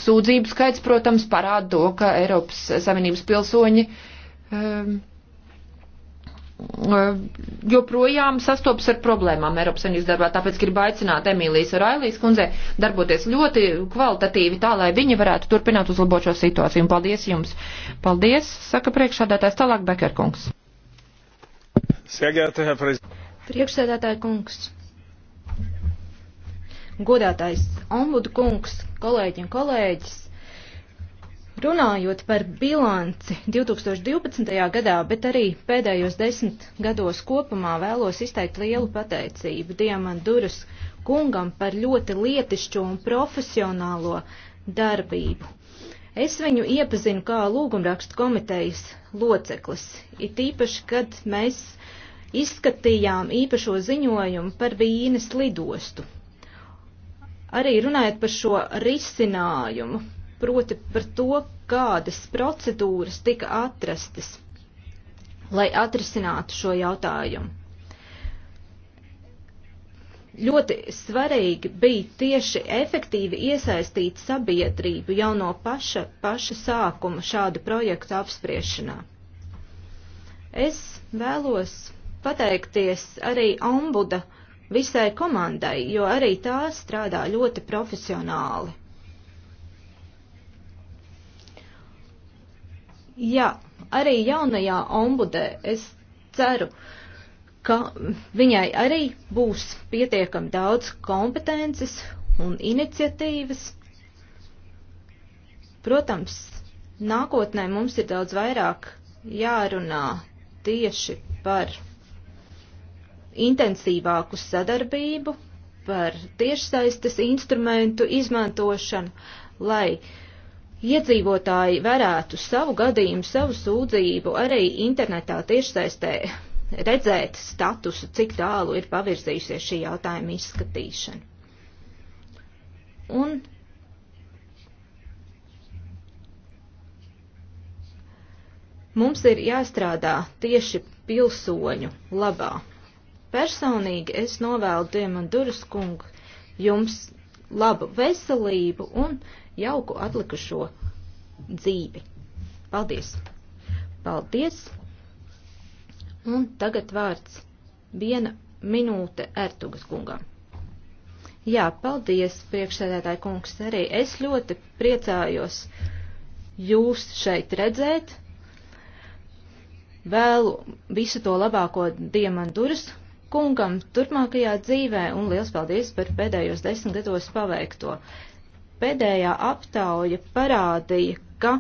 Sūdzību skaits, protams, parāda to, ka Eiropas Savienības pilsoņi um, um, joprojām sastopas ar problēmām Eiropas Savienības darbā, tāpēc gribu aicināt Emīlijas un Railijas kundzei darboties ļoti kvalitatīvi tā, lai viņi varētu turpināt uzlabot šo situāciju. Un paldies jums! Paldies, saka priekšādātājs tālāk Bekerkungs. Priekšsēdētāja kungs godātais ombudu kungs, kolēģi un kolēģis. Runājot par bilanci 2012. gadā, bet arī pēdējos desmit gados kopumā vēlos izteikt lielu pateicību Diemanduras kungam par ļoti lietišķo un profesionālo darbību. Es viņu iepazinu kā lūgumrakstu komitejas loceklis, it īpaši, kad mēs izskatījām īpašo ziņojumu par Vīnes lidostu, Arī runājot par šo risinājumu, proti par to, kādas procedūras tika atrastas, lai atrisinātu šo jautājumu. Ļoti svarīgi bija tieši efektīvi iesaistīt sabiedrību jau no paša, paša sākuma šādu projektu apspriešanā. Es vēlos pateikties arī ombuda uh, visai komandai, jo arī tā strādā ļoti profesionāli. Jā, arī jaunajā ombudē es ceru, ka viņai arī būs pietiekami daudz kompetences un iniciatīvas. Protams, nākotnē mums ir daudz vairāk jārunā tieši par intensīvāku sadarbību par tiešsaistes instrumentu izmantošanu, lai iedzīvotāji varētu savu gadījumu, savu sūdzību arī internetā tiešsaistē redzēt statusu, cik tālu ir pavirzījusies šī jautājuma izskatīšana. Un mums ir jāstrādā tieši pilsoņu labā. Personīgi es novēlu Diemanduras kungu jums labu veselību un jauku atlikušo dzīvi. Paldies! Paldies! Un tagad vārds viena minūte Ertugas kungam. Jā, paldies, priekšsēdētāji kungs, arī es ļoti priecājos jūs šeit redzēt. Vēlu visu to labāko Diemanduras kungam turpmākajā dzīvē un liels paldies par pēdējos desmit gados paveikto. Pēdējā aptauja parādīja, ka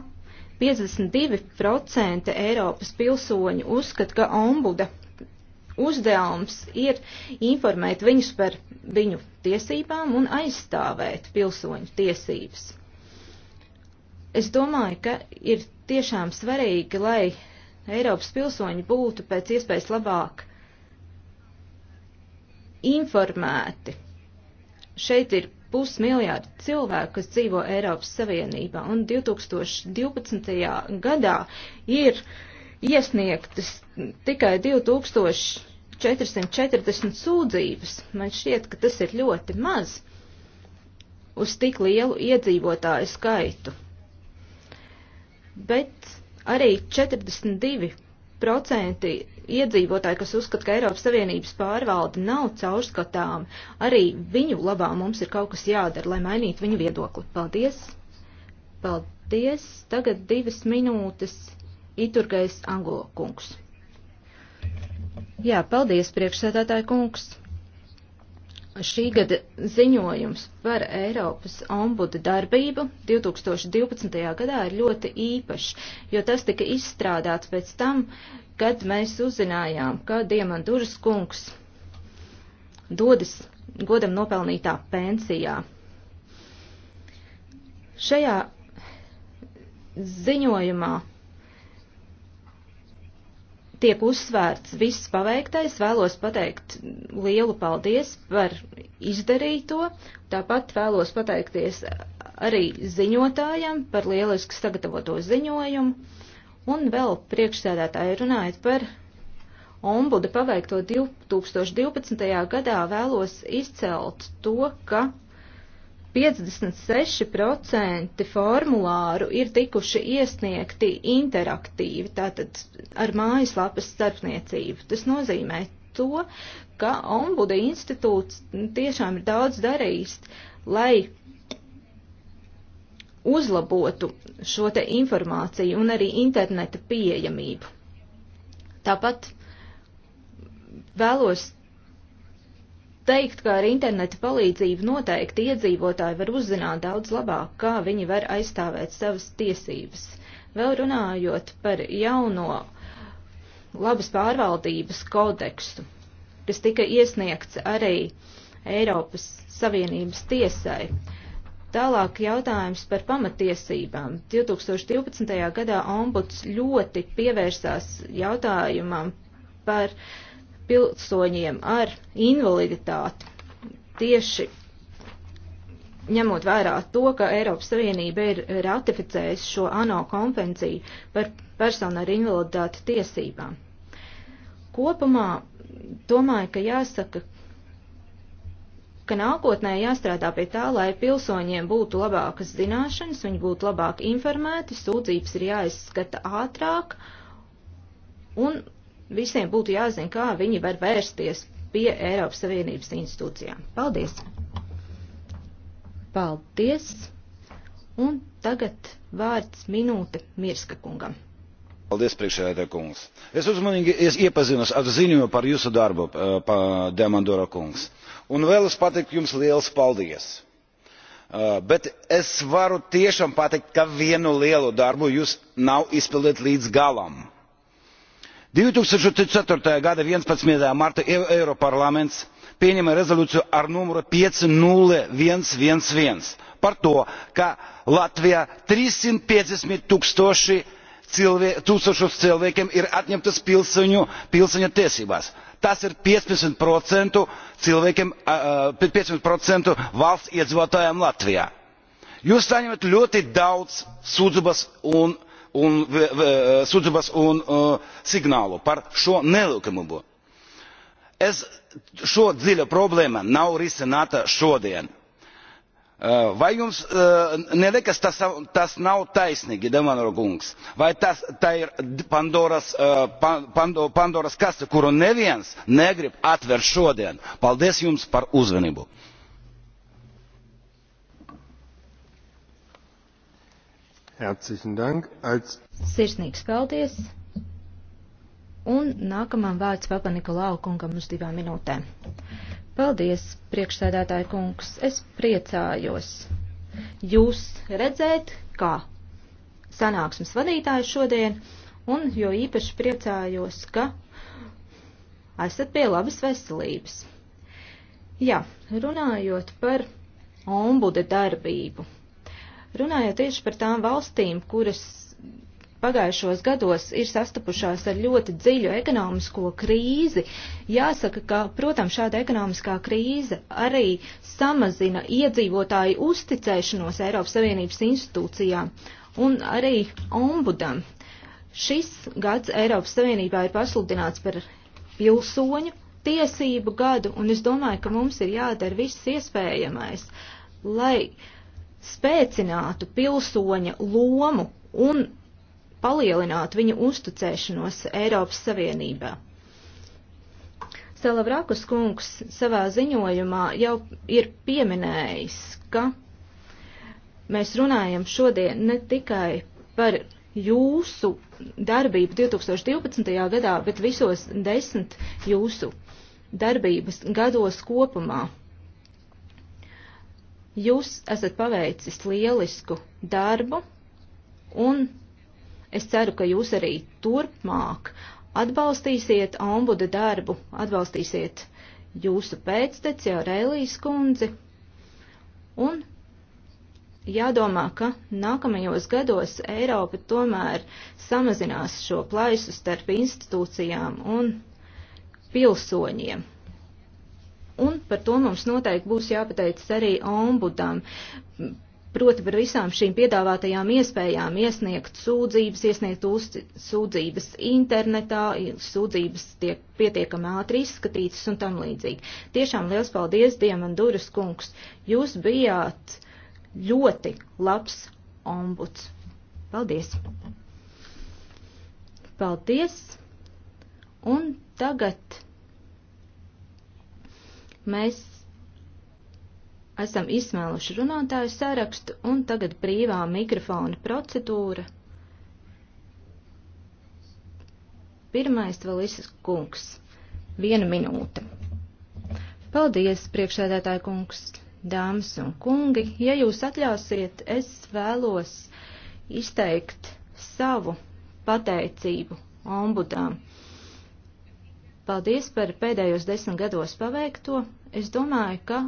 52% Eiropas pilsoņu uzskata, ka ombuda uzdevums ir informēt viņus par viņu tiesībām un aizstāvēt pilsoņu tiesības. Es domāju, ka ir tiešām svarīgi, lai Eiropas pilsoņi būtu pēc iespējas labāk informēti. Šeit ir pusmiljārdi cilvēku, kas dzīvo Eiropas Savienībā, un 2012. gadā ir iesniegtas tikai 2440 sūdzības. Man šķiet, ka tas ir ļoti maz uz tik lielu iedzīvotāju skaitu. Bet arī 42% iedzīvotāji, kas uzskata, ka Eiropas Savienības pārvalde nav caurskatām, arī viņu labā mums ir kaut kas jādara, lai mainītu viņu viedokli. Paldies! Paldies! Tagad divas minūtes Iturgais Angulo kungs. Jā, paldies, priekšsēdētāji kungs! šī gada ziņojums par Eiropas ombudu darbību 2012. gadā ir ļoti īpašs, jo tas tika izstrādāts pēc tam, kad mēs uzzinājām, ka Diemanduras kungs dodas godam nopelnītā pensijā. Šajā ziņojumā tiek uzsvērts viss paveiktais. Vēlos pateikt lielu paldies par izdarīto. Tāpat vēlos pateikties arī ziņotājam par lieliski sagatavoto ziņojumu. Un vēl priekšsēdētāji runājot par ombuda paveikto 2012. gadā vēlos izcelt to, ka 56% formulāru ir tikuši iesniegti interaktīvi, tātad ar mājaslapas starpniecību. Tas nozīmē to, ka ombuda institūts tiešām ir daudz darījis, lai uzlabotu šo te informāciju un arī interneta pieejamību. Tāpat vēlos teikt, ka ar interneta palīdzību noteikti iedzīvotāji var uzzināt daudz labāk, kā viņi var aizstāvēt savas tiesības. Vēl runājot par jauno labas pārvaldības kodeksu, kas tika iesniegts arī Eiropas Savienības tiesai. Tālāk jautājums par pamatiesībām. 2012. gadā ombuds ļoti pievērsās jautājumam par uh, pilsoņiem ar invaliditāti. Tieši ņemot vērā to, ka Eiropas Savienība ir ratificējusi šo ANO konvenciju par personu ar invaliditāti tiesībām. Kopumā domāju, ka jāsaka, ka nākotnē jāstrādā pie tā, lai pilsoņiem būtu labākas zināšanas, viņi būtu labāk informēti, sūdzības ir jāizskata ātrāk un visiem būtu jāzina, kā viņi var vērsties pie Eiropas Savienības institūcijām. Paldies! Paldies! Un tagad vārds minūte Mirska kungam. Paldies, priekšsēdētāj kungs. Es uzmanīgi es iepazinos ar ziņojumu par jūsu darbu, pa Demandora kungs. Un vēlos pateikt jums liels paldies. Bet es varu tiešām pateikt, ka vienu lielu darbu jūs nav izpildīt līdz galam. Uh, 2004. gada 11. marta e- Eiroparlaments pieņēma rezolūciju ar numuru 50111 par to, ka Latvijā 350 tūkstoši tūkstošus cilvēkiem ir atņemtas pilsoņu, pilsoņa tiesībās. Tas ir 15% cilvēkiem, 15% valsts iedzīvotājiem Latvijā. Jūs saņemat ļoti daudz sūdzības un uh, un eh, sūdzības un eh, signālu par šo nelikumību. Es šo dziļa problēma nav risināta šodien. Eh, vai jums neliekas tas, tas nav taisnīgi, Demanor kungs? Vai tas, tā ir Pandoras, Pando, Pandoras kaste, kuru neviens negrib atvērt šodien? Paldies jums par uzmanību! Herzlichen Dank. Als... Sirsnīgs paldies. Un nākamam vārds Papa Nikolau kungam uz divām minūtēm. Paldies, priekšsēdētāji kungs. Es priecājos jūs redzēt, kā sanāksmes vadītājs šodien, un jo īpaši priecājos, ka esat pie labas veselības. Jā, runājot par ombuda darbību. Runājot tieši par tām valstīm, kuras pagājušos gados ir sastapušās ar ļoti dziļu ekonomisko krīzi. Jāsaka, ka, protams, šāda ekonomiskā krīze arī samazina iedzīvotāju uzticēšanos Eiropas Savienības institūcijām un arī ombudam. Šis gads Eiropas Savienībā ir pasludināts par pilsoņu tiesību gadu, un es domāju, ka mums ir jādara viss iespējamais, lai uh, spēcinātu pilsoņa lomu un palielinātu viņa uzticēšanos Eiropas Savienībā. Salavrakus kungs savā ziņojumā jau ir pieminējis, ka mēs runājam šodien ne tikai par jūsu darbību 2012. gadā, bet visos desmit jūsu darbības gados kopumā. Jūs esat paveicis lielisku darbu, un es ceru, ka jūs arī turpmāk atbalstīsiet ombuda darbu, atbalstīsiet jūsu pēcteci Aurēlijas kundzi. Un jādomā, ka nākamajos gados Eiropa tomēr samazinās šo plaisu starp institūcijām un pilsoņiem. Un par to mums noteikti būs jāpateicas arī ombudam. Proti par visām šīm piedāvātajām iespējām iesniegt sūdzības, iesniegt uz, sūdzības internetā, sūdzības tiek pietiekami ātri izskatītas un tam līdzīgi. Tiešām liels paldies, Diemanduras kungs! Jūs bijāt ļoti labs ombuds. Paldies! Paldies! Un tagad. Mēs esam izsmēluši runātāju sarakstu un tagad brīvā mikrofona procedūra. Pirmais Valisas kungs. Viena minūte. Paldies, priekšsēdētāja kungs, dāmas un kungi. Ja jūs atļausiet, es vēlos izteikt savu pateicību ombudām Paldies par pēdējos desmit gados paveikto. Es domāju, ka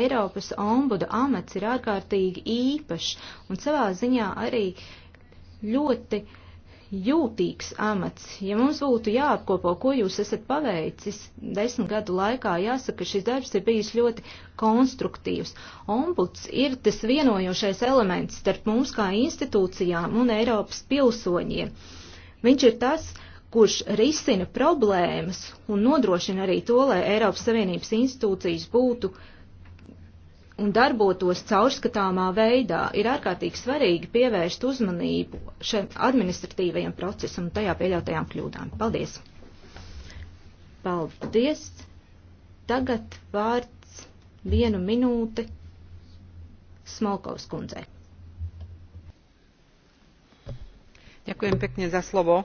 Eiropas ombuda amats ir ārkārtīgi īpašs un savā ziņā arī ļoti jūtīgs amats. Ja mums būtu jāapkopo, ko jūs esat paveicis desmit gadu laikā, jāsaka, ka šis darbs ir bijis ļoti konstruktīvs. Ombuds ir tas vienojošais elements starp mums kā institūcijām un Eiropas pilsoņiem. Viņš ir tas, kurš risina problēmas un nodrošina arī to, lai Eiropas Savienības institūcijas būtu un darbotos caurskatāmā veidā, ir ārkārtīgi svarīgi pievērst uzmanību šiem administratīvajiem procesam un tajā pieļautajām kļūdām. Paldies! Paldies! Tagad vārds vienu minūti Smolkovs kundzei. Ďakujem pekne za slovo.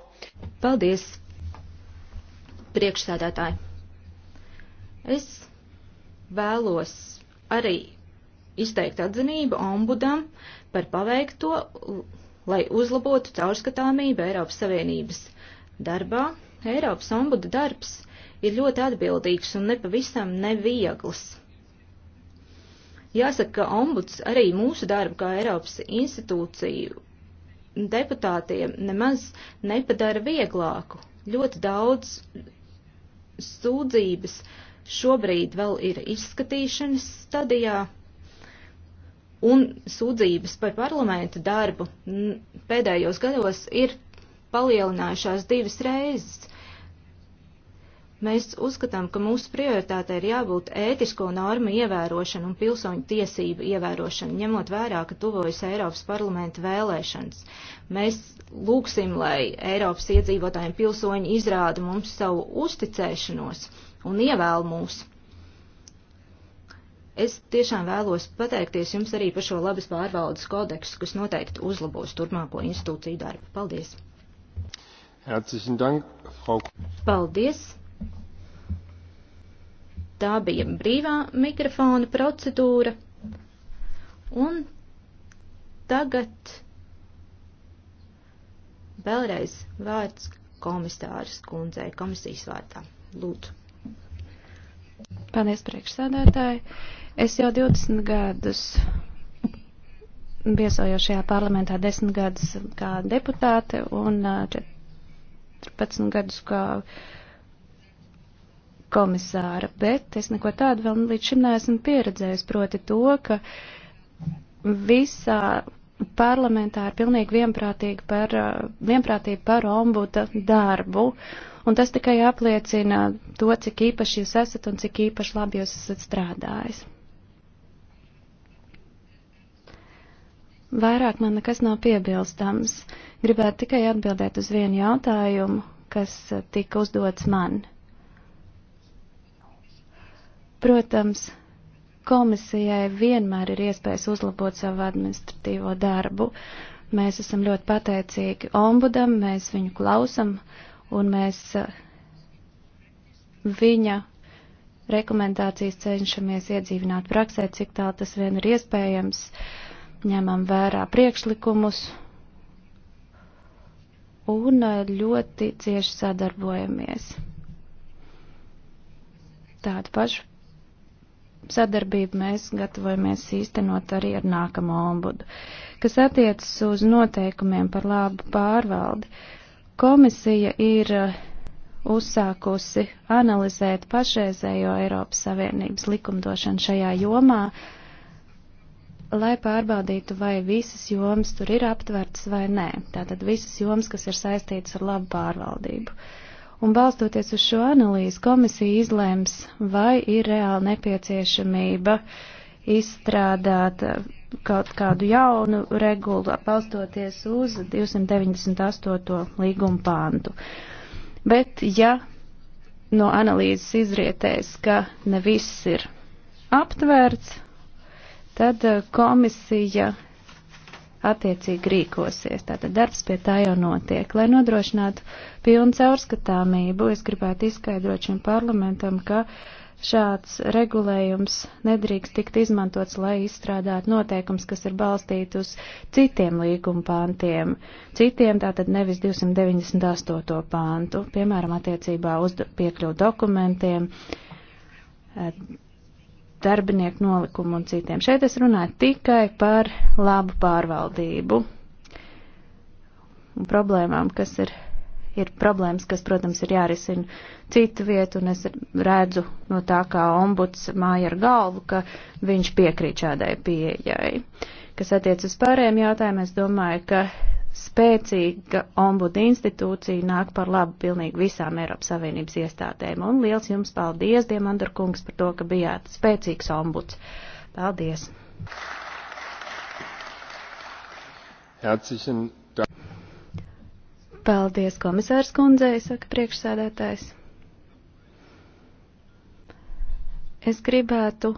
Paldies, priekšsēdētāji. Es vēlos arī izteikt atzinību ombudam par paveikto, lai uzlabotu caurskatāmību Eiropas Savienības darbā. Eiropas ombuda darbs ir ļoti atbildīgs un nepavisam neviegls. Jāsaka, ka ombuds arī mūsu darbu kā Eiropas institūciju deputātiem nemaz nepadara vieglāku. Ļoti daudz sūdzības šobrīd vēl ir izskatīšanas stadijā, un sūdzības par parlamenta darbu pēdējos gados ir palielinājušās divas reizes. Mēs uzskatām, ka mūsu prioritāte ir jābūt ētisko normu ievērošana un pilsoņu tiesību ievērošana, ņemot vērā, ka tuvojas Eiropas parlamenta vēlēšanas. Mēs lūksim, lai Eiropas iedzīvotājiem pilsoņi izrāda mums savu uzticēšanos un ievēl mūs. Es tiešām vēlos pateikties jums arī par šo labas pārbaudas kodeksu, kas noteikti uzlabos turpmāko institūciju darbu. Paldies! Herzlichen Dank, Frau. Paldies! Tā bija brīvā mikrofona procedūra. Un tagad vēlreiz vārds komisāras kundzei komisijas vārdā. Lūdzu. Paldies, priekšsēdētāji. Es jau 20 gadus viesoju šajā parlamentā, 10 gadus kā deputāte un 14 gadus kā komisāra, bet es neko tādu vēl līdz šim neesmu pieredzējis, proti to, ka visā parlamentā ir pilnīgi vienprātība par, vienprātība par ombuda darbu, un tas tikai apliecina to, cik īpaši jūs esat un cik īpaši labi jūs esat strādājis. Vairāk man nekas nav piebilstams. Gribētu tikai atbildēt uz vienu jautājumu, kas tika uzdots man. Protams, komisijai vienmēr ir iespējas uzlabot savu administratīvo darbu. Mēs esam ļoti pateicīgi ombudam, mēs viņu klausam un mēs eh, viņa rekomendācijas cenšamies iedzīvināt praksē, cik tālu tas vien ir iespējams, ņemam vērā priekšlikumus un eh, ļoti cieši sadarbojamies. Tādu pašu sadarbību mēs gatavojamies īstenot arī ar nākamo ombudu, kas attiecas uz noteikumiem par labu pārvaldi. Komisija ir eh, uzsākusi analizēt pašreizējo Eiropas Savienības likumdošanu šajā jomā, lai pārbaudītu, vai visas jomas tur ir aptverts vai nē. Tātad visas jomas, kas ir saistītas ar labu pārvaldību. Uh, Un balstoties uz šo analīzi, komisija izlēms, vai ir reāli nepieciešamība izstrādāt uh, kaut kādu jaunu regulu, balstoties uz 298. līguma pāntu. Bet, ja no analīzes izrietēs, ka ne viss ir aptvērts, tad uh, komisija attiecīgi rīkosies. Tātad darbs pie tā jau notiek. Lai nodrošinātu pilnu caurskatāmību, es gribētu izskaidrot šim parlamentam, ka šāds regulējums nedrīkst tikt izmantots, lai izstrādātu noteikums, kas ir balstīti uz citiem līguma pāntiem, citiem tātad nevis 298. pāntu, piemēram, attiecībā uz piekļuvu dokumentiem, darbinieku nolikumu un citiem. Šeit es runāju tikai par labu pārvaldību un problēmām, kas ir, ir problēmas, kas, protams, ir jārisina citu vietu, un es redzu no tā, kā ombuds māja ar galvu, ka viņš piekrīt šādai pieejai. Kas attiec uz pārējiem jautājumiem, es domāju, ka spēcīga ombuda institūcija nāk par labu pilnīgi visām Eiropas Savienības iestādēm. Un liels jums paldies, Diemandar kungs, par to, ka bijāt spēcīgs ombuds. Paldies! Herzlichen Dank. Paldies, komisārs kundzei, saka priekšsēdētājs. Es gribētu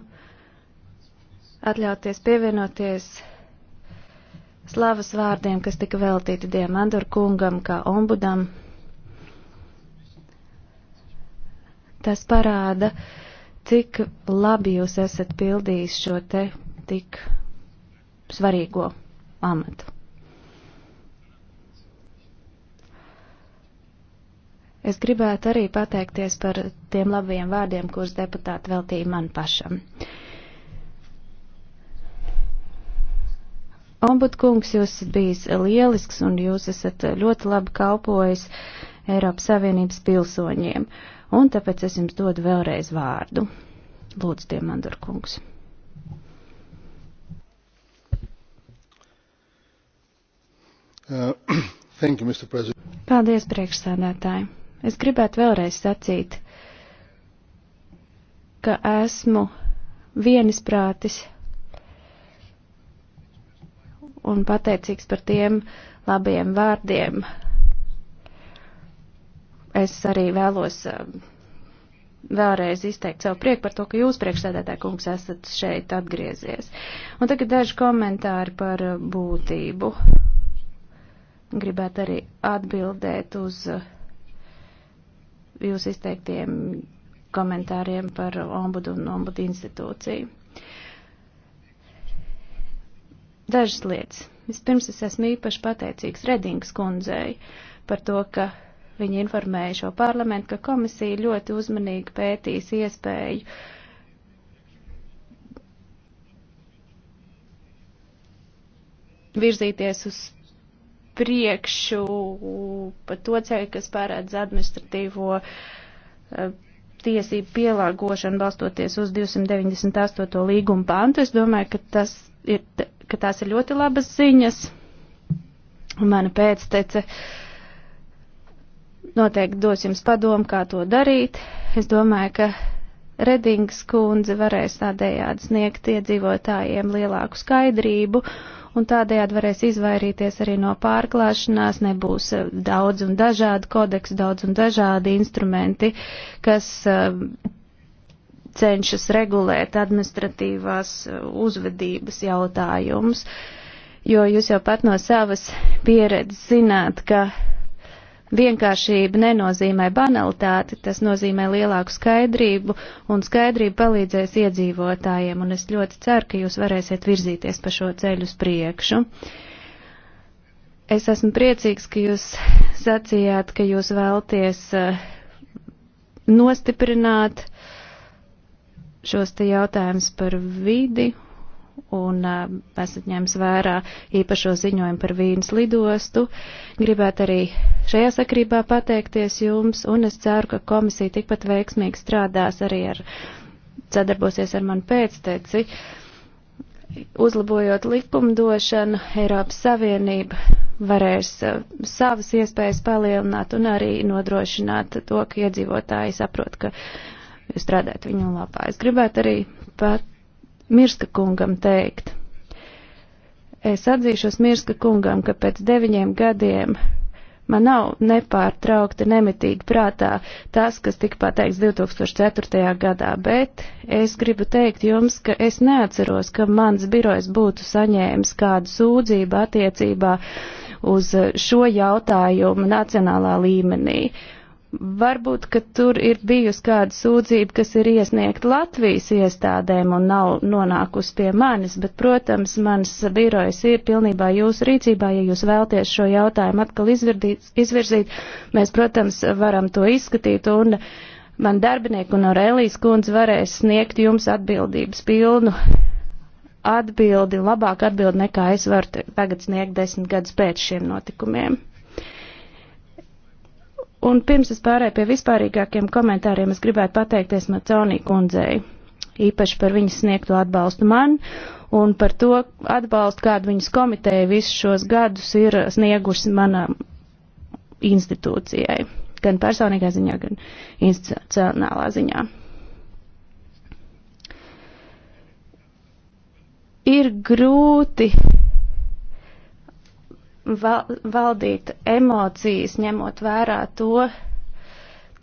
atļauties pievienoties slavas vārdiem, kas tika veltīti Diemandur kungam kā ombudam. Tas parāda, cik labi jūs esat pildījis šo te tik svarīgo amatu. Es gribētu arī pateikties par tiem labajiem vārdiem, kurus deputāti veltīja man pašam. Uh, Ombudkungs, jūs esat bijis lielisks un jūs esat ļoti labi kalpojis Eiropas Savienības pilsoņiem. Un tāpēc es jums dodu vēlreiz vārdu. Lūdzu, tie mandurkungs. Uh, thank you, Mr. President. Paldies, priekšsādātāji. Es gribētu vēlreiz sacīt, ka esmu vienisprātis un pateicīgs par tiem labiem vārdiem. Es arī vēlos um, vēlreiz izteikt savu prieku par to, ka jūs priekšsēdētāji kungs esat šeit atgriezies. Un tagad daži komentāri par uh, būtību. Gribētu arī atbildēt uz uh, jūs izteiktiem komentāriem par ombudu un ombudu institūciju. Uh, dažas lietas. Vispirms es esmu īpaši pateicīgs Redingas kundzei par to, ka viņa informēja šo parlamentu, ka komisija ļoti uzmanīgi pētīs iespēju virzīties uz priekšu pa to ceļu, kas pārēdz administratīvo eh, tiesību pielāgošanu balstoties uz 298. līguma pantu. Es domāju, ka tas ir ka tās ir ļoti labas ziņas. Mana pēctece noteikti dos jums padomu, kā to darīt. Es domāju, ka Redings kundze varēs tādējādi sniegt iedzīvotājiem lielāku skaidrību un tādējādi varēs izvairīties arī no pārklāšanās, nebūs eh, daudz un dažādi kodeks, daudz un dažādi instrumenti, kas eh, cenšas regulēt administratīvās uh, uzvedības jautājumus, jo jūs jau pat no savas pieredzes zināt, ka vienkāršība nenozīmē banalitāti, tas nozīmē lielāku skaidrību, un skaidrība palīdzēs iedzīvotājiem, un es ļoti ceru, ka jūs varēsiet virzīties pa šo ceļu uz priekšu. Es esmu priecīgs, ka jūs sacījāt, ka jūs vēlties uh, nostiprināt šos te jautājumus par vidi un uh, esat ņēmis vērā īpašo ziņojumu par vīnas lidostu. Gribētu arī šajā sakrībā pateikties jums, un es ceru, ka komisija tikpat veiksmīgi strādās arī ar, sadarbosies ar manu pēcteci, uzlabojot likumdošanu, Eiropas Savienība varēs uh, savas iespējas palielināt un arī nodrošināt to, ka iedzīvotāji saprot, ka strādāt viņu labā. Es gribētu arī pat Mirska kungam teikt. Es atzīšos Mirska kungam, ka pēc deviņiem gadiem man nav nepārtraukti nemitīgi prātā tas, kas tika pateikts 2004. gadā, bet es gribu teikt jums, ka es neatceros, ka mans birojs būtu saņēmis kādu sūdzību attiecībā uz šo jautājumu nacionālā līmenī. Uh, Varbūt, ka tur ir bijusi kāda sūdzība, kas ir iesniegta Latvijas iestādēm un nav nonākusi pie manis, bet, protams, mans birojs ir pilnībā jūsu rīcībā, ja jūs vēlties šo jautājumu atkal izvirdīt, izvirzīt, mēs, protams, varam to izskatīt un man darbinieki un Aurēlijas kundze varēs sniegt jums atbildības pilnu atbildi, labāk atbildi nekā es varu tagad sniegt desmit gadus pēc šiem notikumiem. Un pirms es pārēju pie vispārīgākiem komentāriem, es gribētu pateikties Maconī kundzei, īpaši par viņas sniegto atbalstu man un par to atbalstu, kādu viņas komiteja visus šos gadus ir sniegusi manam institūcijai, gan personīgā ziņā, gan institucionālā ziņā. Ir grūti valdīt emocijas, ņemot vērā to,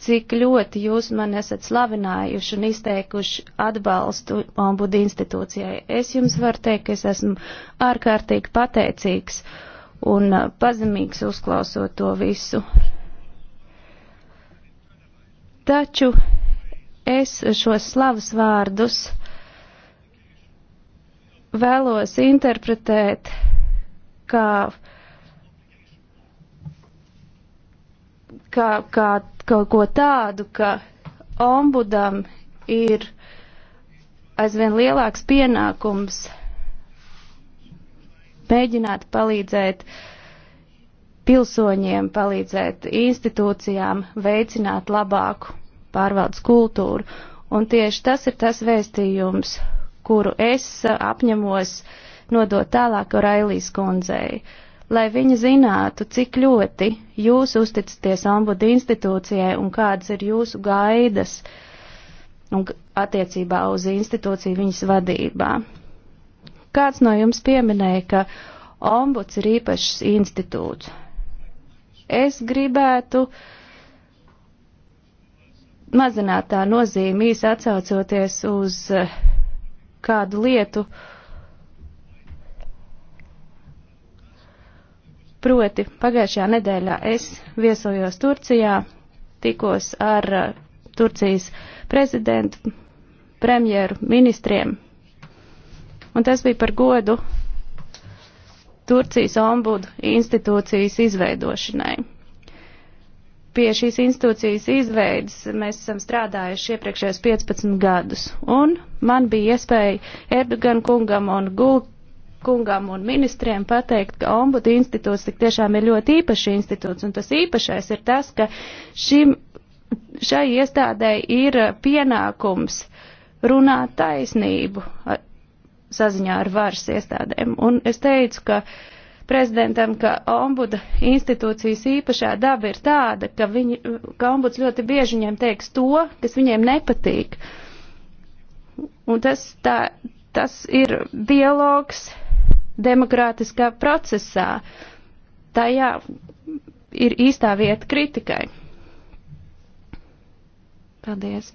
cik ļoti jūs man esat slavinājuši un izteikuši atbalstu ombudu institūcijai. Es jums varu teikt, ka es esmu ārkārtīgi pateicīgs un uh, pazemīgs uzklausot to visu. Taču es šos slavas vārdus vēlos interpretēt kā kā, kā kaut ko tādu, ka ombudam ir aizvien lielāks pienākums mēģināt palīdzēt pilsoņiem, palīdzēt institūcijām, veicināt labāku pārvaldes kultūru. Un tieši tas ir tas vēstījums, kuru es apņemos nodot tālāk Railijas kundzei. Uh, lai viņi zinātu, cik ļoti jūs uzticaties ombudu institūcijai un kādas ir jūsu gaidas un attiecībā uz institūciju viņas vadībā. Kāds no jums pieminēja, ka ombuds ir īpašs institūts? Es gribētu mazināt tā nozīmi, īsi atsaucoties uz eh, kādu lietu, uh, Proti, pagājušajā nedēļā es viesojos Turcijā, tikos ar eh, Turcijas prezidentu, premjeru, ministriem. Un tas bija par godu Turcijas ombudu institūcijas izveidošanai. Pie šīs institūcijas izveidas mēs esam strādājuši iepriekšējos 15 gadus, un man bija iespēja Erdogan kungam un Gult kungam un ministriem pateikt, ka ombudu institūts tik tiešām ir ļoti īpašs institūts, un tas īpašais ir tas, ka šim, šai iestādē ir pienākums runāt taisnību saziņā ar varas iestādēm. Un es teicu, ka prezidentam, ka ombuda institūcijas īpašā daba ir tāda, ka, viņi, ka ombuds ļoti bieži viņiem teiks to, kas viņiem nepatīk. Un tas, tā, tas ir dialogs demokrātiskā procesā. Tajā ir īstā vieta kritikai. Paldies.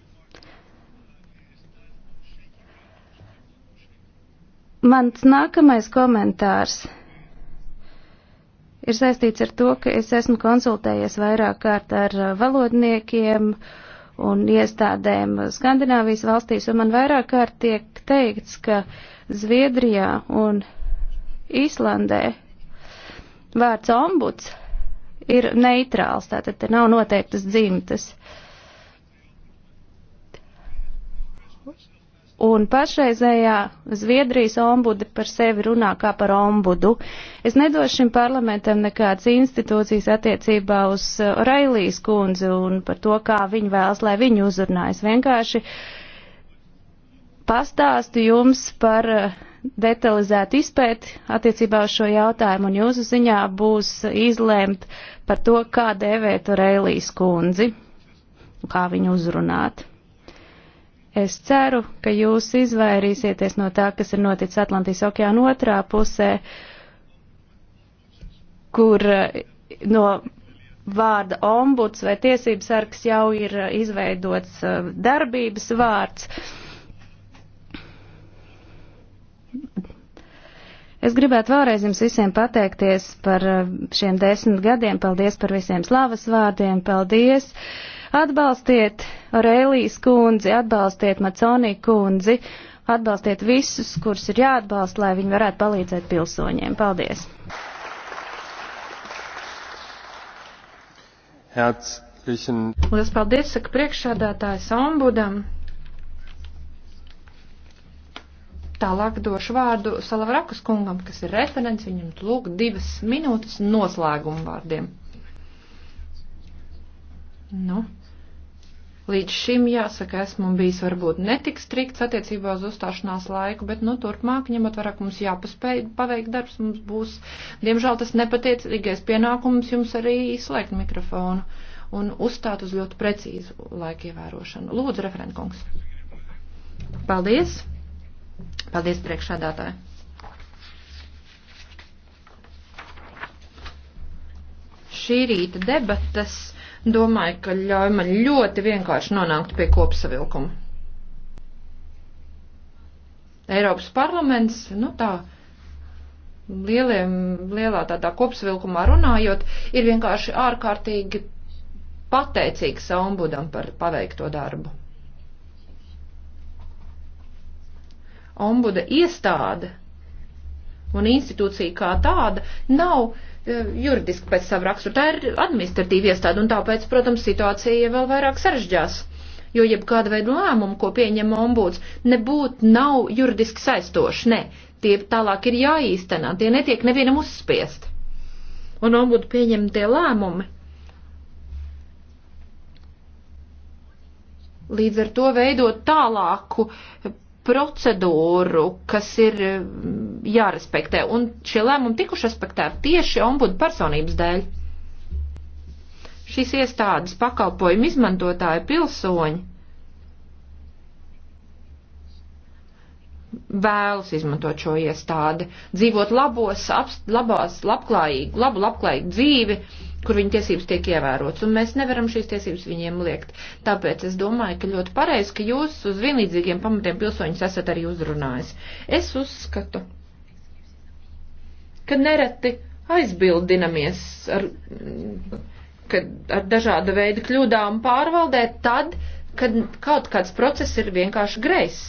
Mans nākamais komentārs ir saistīts ar to, ka es esmu konsultējies vairāk kārt ar uh, valodniekiem un iestādēm Skandināvijas valstīs, un man vairāk kārt tiek teikts, ka Zviedrijā un Īslandē vārds ombuds ir neitrāls, tātad te nav noteiktas dzimtas. Un pašreizējā Zviedrijas ombude par sevi runā kā par ombudu. Es nedošu šim parlamentam nekādas institūcijas attiecībā uz uh, Railijas kundzi un par to, kā viņa vēlas, lai viņu uzrunājas. Vienkārši pastāstu jums par uh, detalizētu izpēti attiecībā uz šo jautājumu, un jūsu ziņā būs izlēmt par to, kā dēvēt Reilijas kundzi, kā viņu uzrunāt. Es ceru, ka jūs izvairīsieties no tā, kas ir noticis Atlantijas okeāna otrā pusē, kur eh, no vārda ombuds vai tiesības sargs jau ir eh, izveidots eh, darbības vārds Es gribētu vēlreiz jums visiem pateikties par eh, šiem desmit gadiem. Paldies par visiem slavas vārdiem. Paldies! Atbalstiet Aurēlijas kundzi, atbalstiet Maconī kundzi, atbalstiet visus, kurus ir jāatbalsta, lai viņi varētu palīdzēt pilsoņiem. Paldies! Herzlichen. Lielas paldies, saka priekšsādātājs ombudam. Tālāk došu vārdu Salavrakas kungam, kas ir referents, viņam lūk divas minūtes noslēguma vārdiem. Nu, līdz šim jāsaka, esmu bijis varbūt netik strikts attiecībā uz uzstāšanās laiku, bet nu turpmāk, ņemot vairāk mums jāpaspēj paveikt darbs, mums būs, diemžēl tas nepatiecīgais pienākums jums arī izslēgt mikrofonu un uzstāt uz ļoti precīzu laiku ievērošanu. Lūdzu, referentkungs. Paldies! Paldies, priekšādātāji. Šī rīta debatas, domāju, ka ļauj man ļoti vienkārši nonākt pie kopsavilkuma. Eiropas parlaments, nu tā, lieliem, lielā tādā kopsavilkumā runājot, ir vienkārši ārkārtīgi pateicīgs ombudam par paveikto darbu. ombuda iestāde un institūcija kā tāda nav e, juridiski pēc savu raksturu. Tā ir administratīva iestāde, un tāpēc, protams, situācija vēl vairāk sarežģās. Jo jebkāda veida lēmumu, ko pieņem ombuds, nebūt nav juridiski saistoši. Nē, tie tālāk ir jāīstenā, tie netiek nevienam uzspiest. Un ombudu pieņemtie lēmumi līdz ar to veidot tālāku procedūru, kas ir mm, jārespektē, un šie lēmumi tikuši respektēti tieši ombudu personības dēļ. Šīs iestādes pakalpojumu izmantotāji pilsoņi vēlas izmantot šo iestādi, dzīvot labos, ap, labās, labklājīgi, labu, labklājīgu dzīvi, kur viņa tiesības tiek ievērotas, un mēs nevaram šīs tiesības viņiem liekt. Tāpēc es domāju, ka ļoti pareizi, ka jūs uz vienlīdzīgiem pamatiem pilsoņus esat arī uzrunājis. Es uzskatu, ka nereti aizbildinamies ar, ka, ar dažāda veida kļūdām pārvaldē tad, kad kaut kāds process ir vienkārši greizs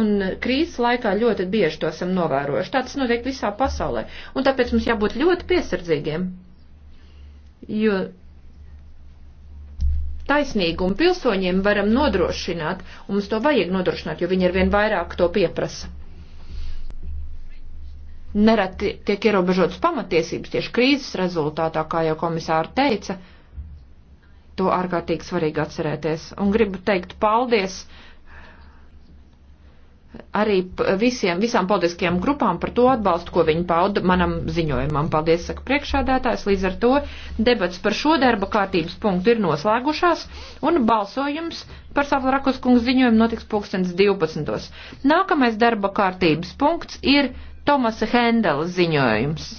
Un krīzes laikā ļoti bieži to esam novērojuši. Tā tas notiek visā pasaulē. Un tāpēc mums jābūt ļoti piesardzīgiem. Jo taisnīgumu pilsoņiem varam nodrošināt, un mums to vajag nodrošināt, jo viņi ar vien vairāk to pieprasa. Nereti tiek ierobežotas pamatiesības tieši krīzes rezultātā, kā jau komisāra teica. To ārkārtīgi svarīgi atcerēties. Un gribu teikt paldies arī visiem, visām politiskajām grupām par to atbalstu, ko viņi pauda manam ziņojumam. Paldies, saka priekšādātājs. Līdz ar to debats par šo darba kārtības punktu ir noslēgušās un balsojums par savu rakos kungu ziņojumu notiks pulkstens 12. Nākamais darba kārtības punkts ir Tomasa Hendela ziņojums.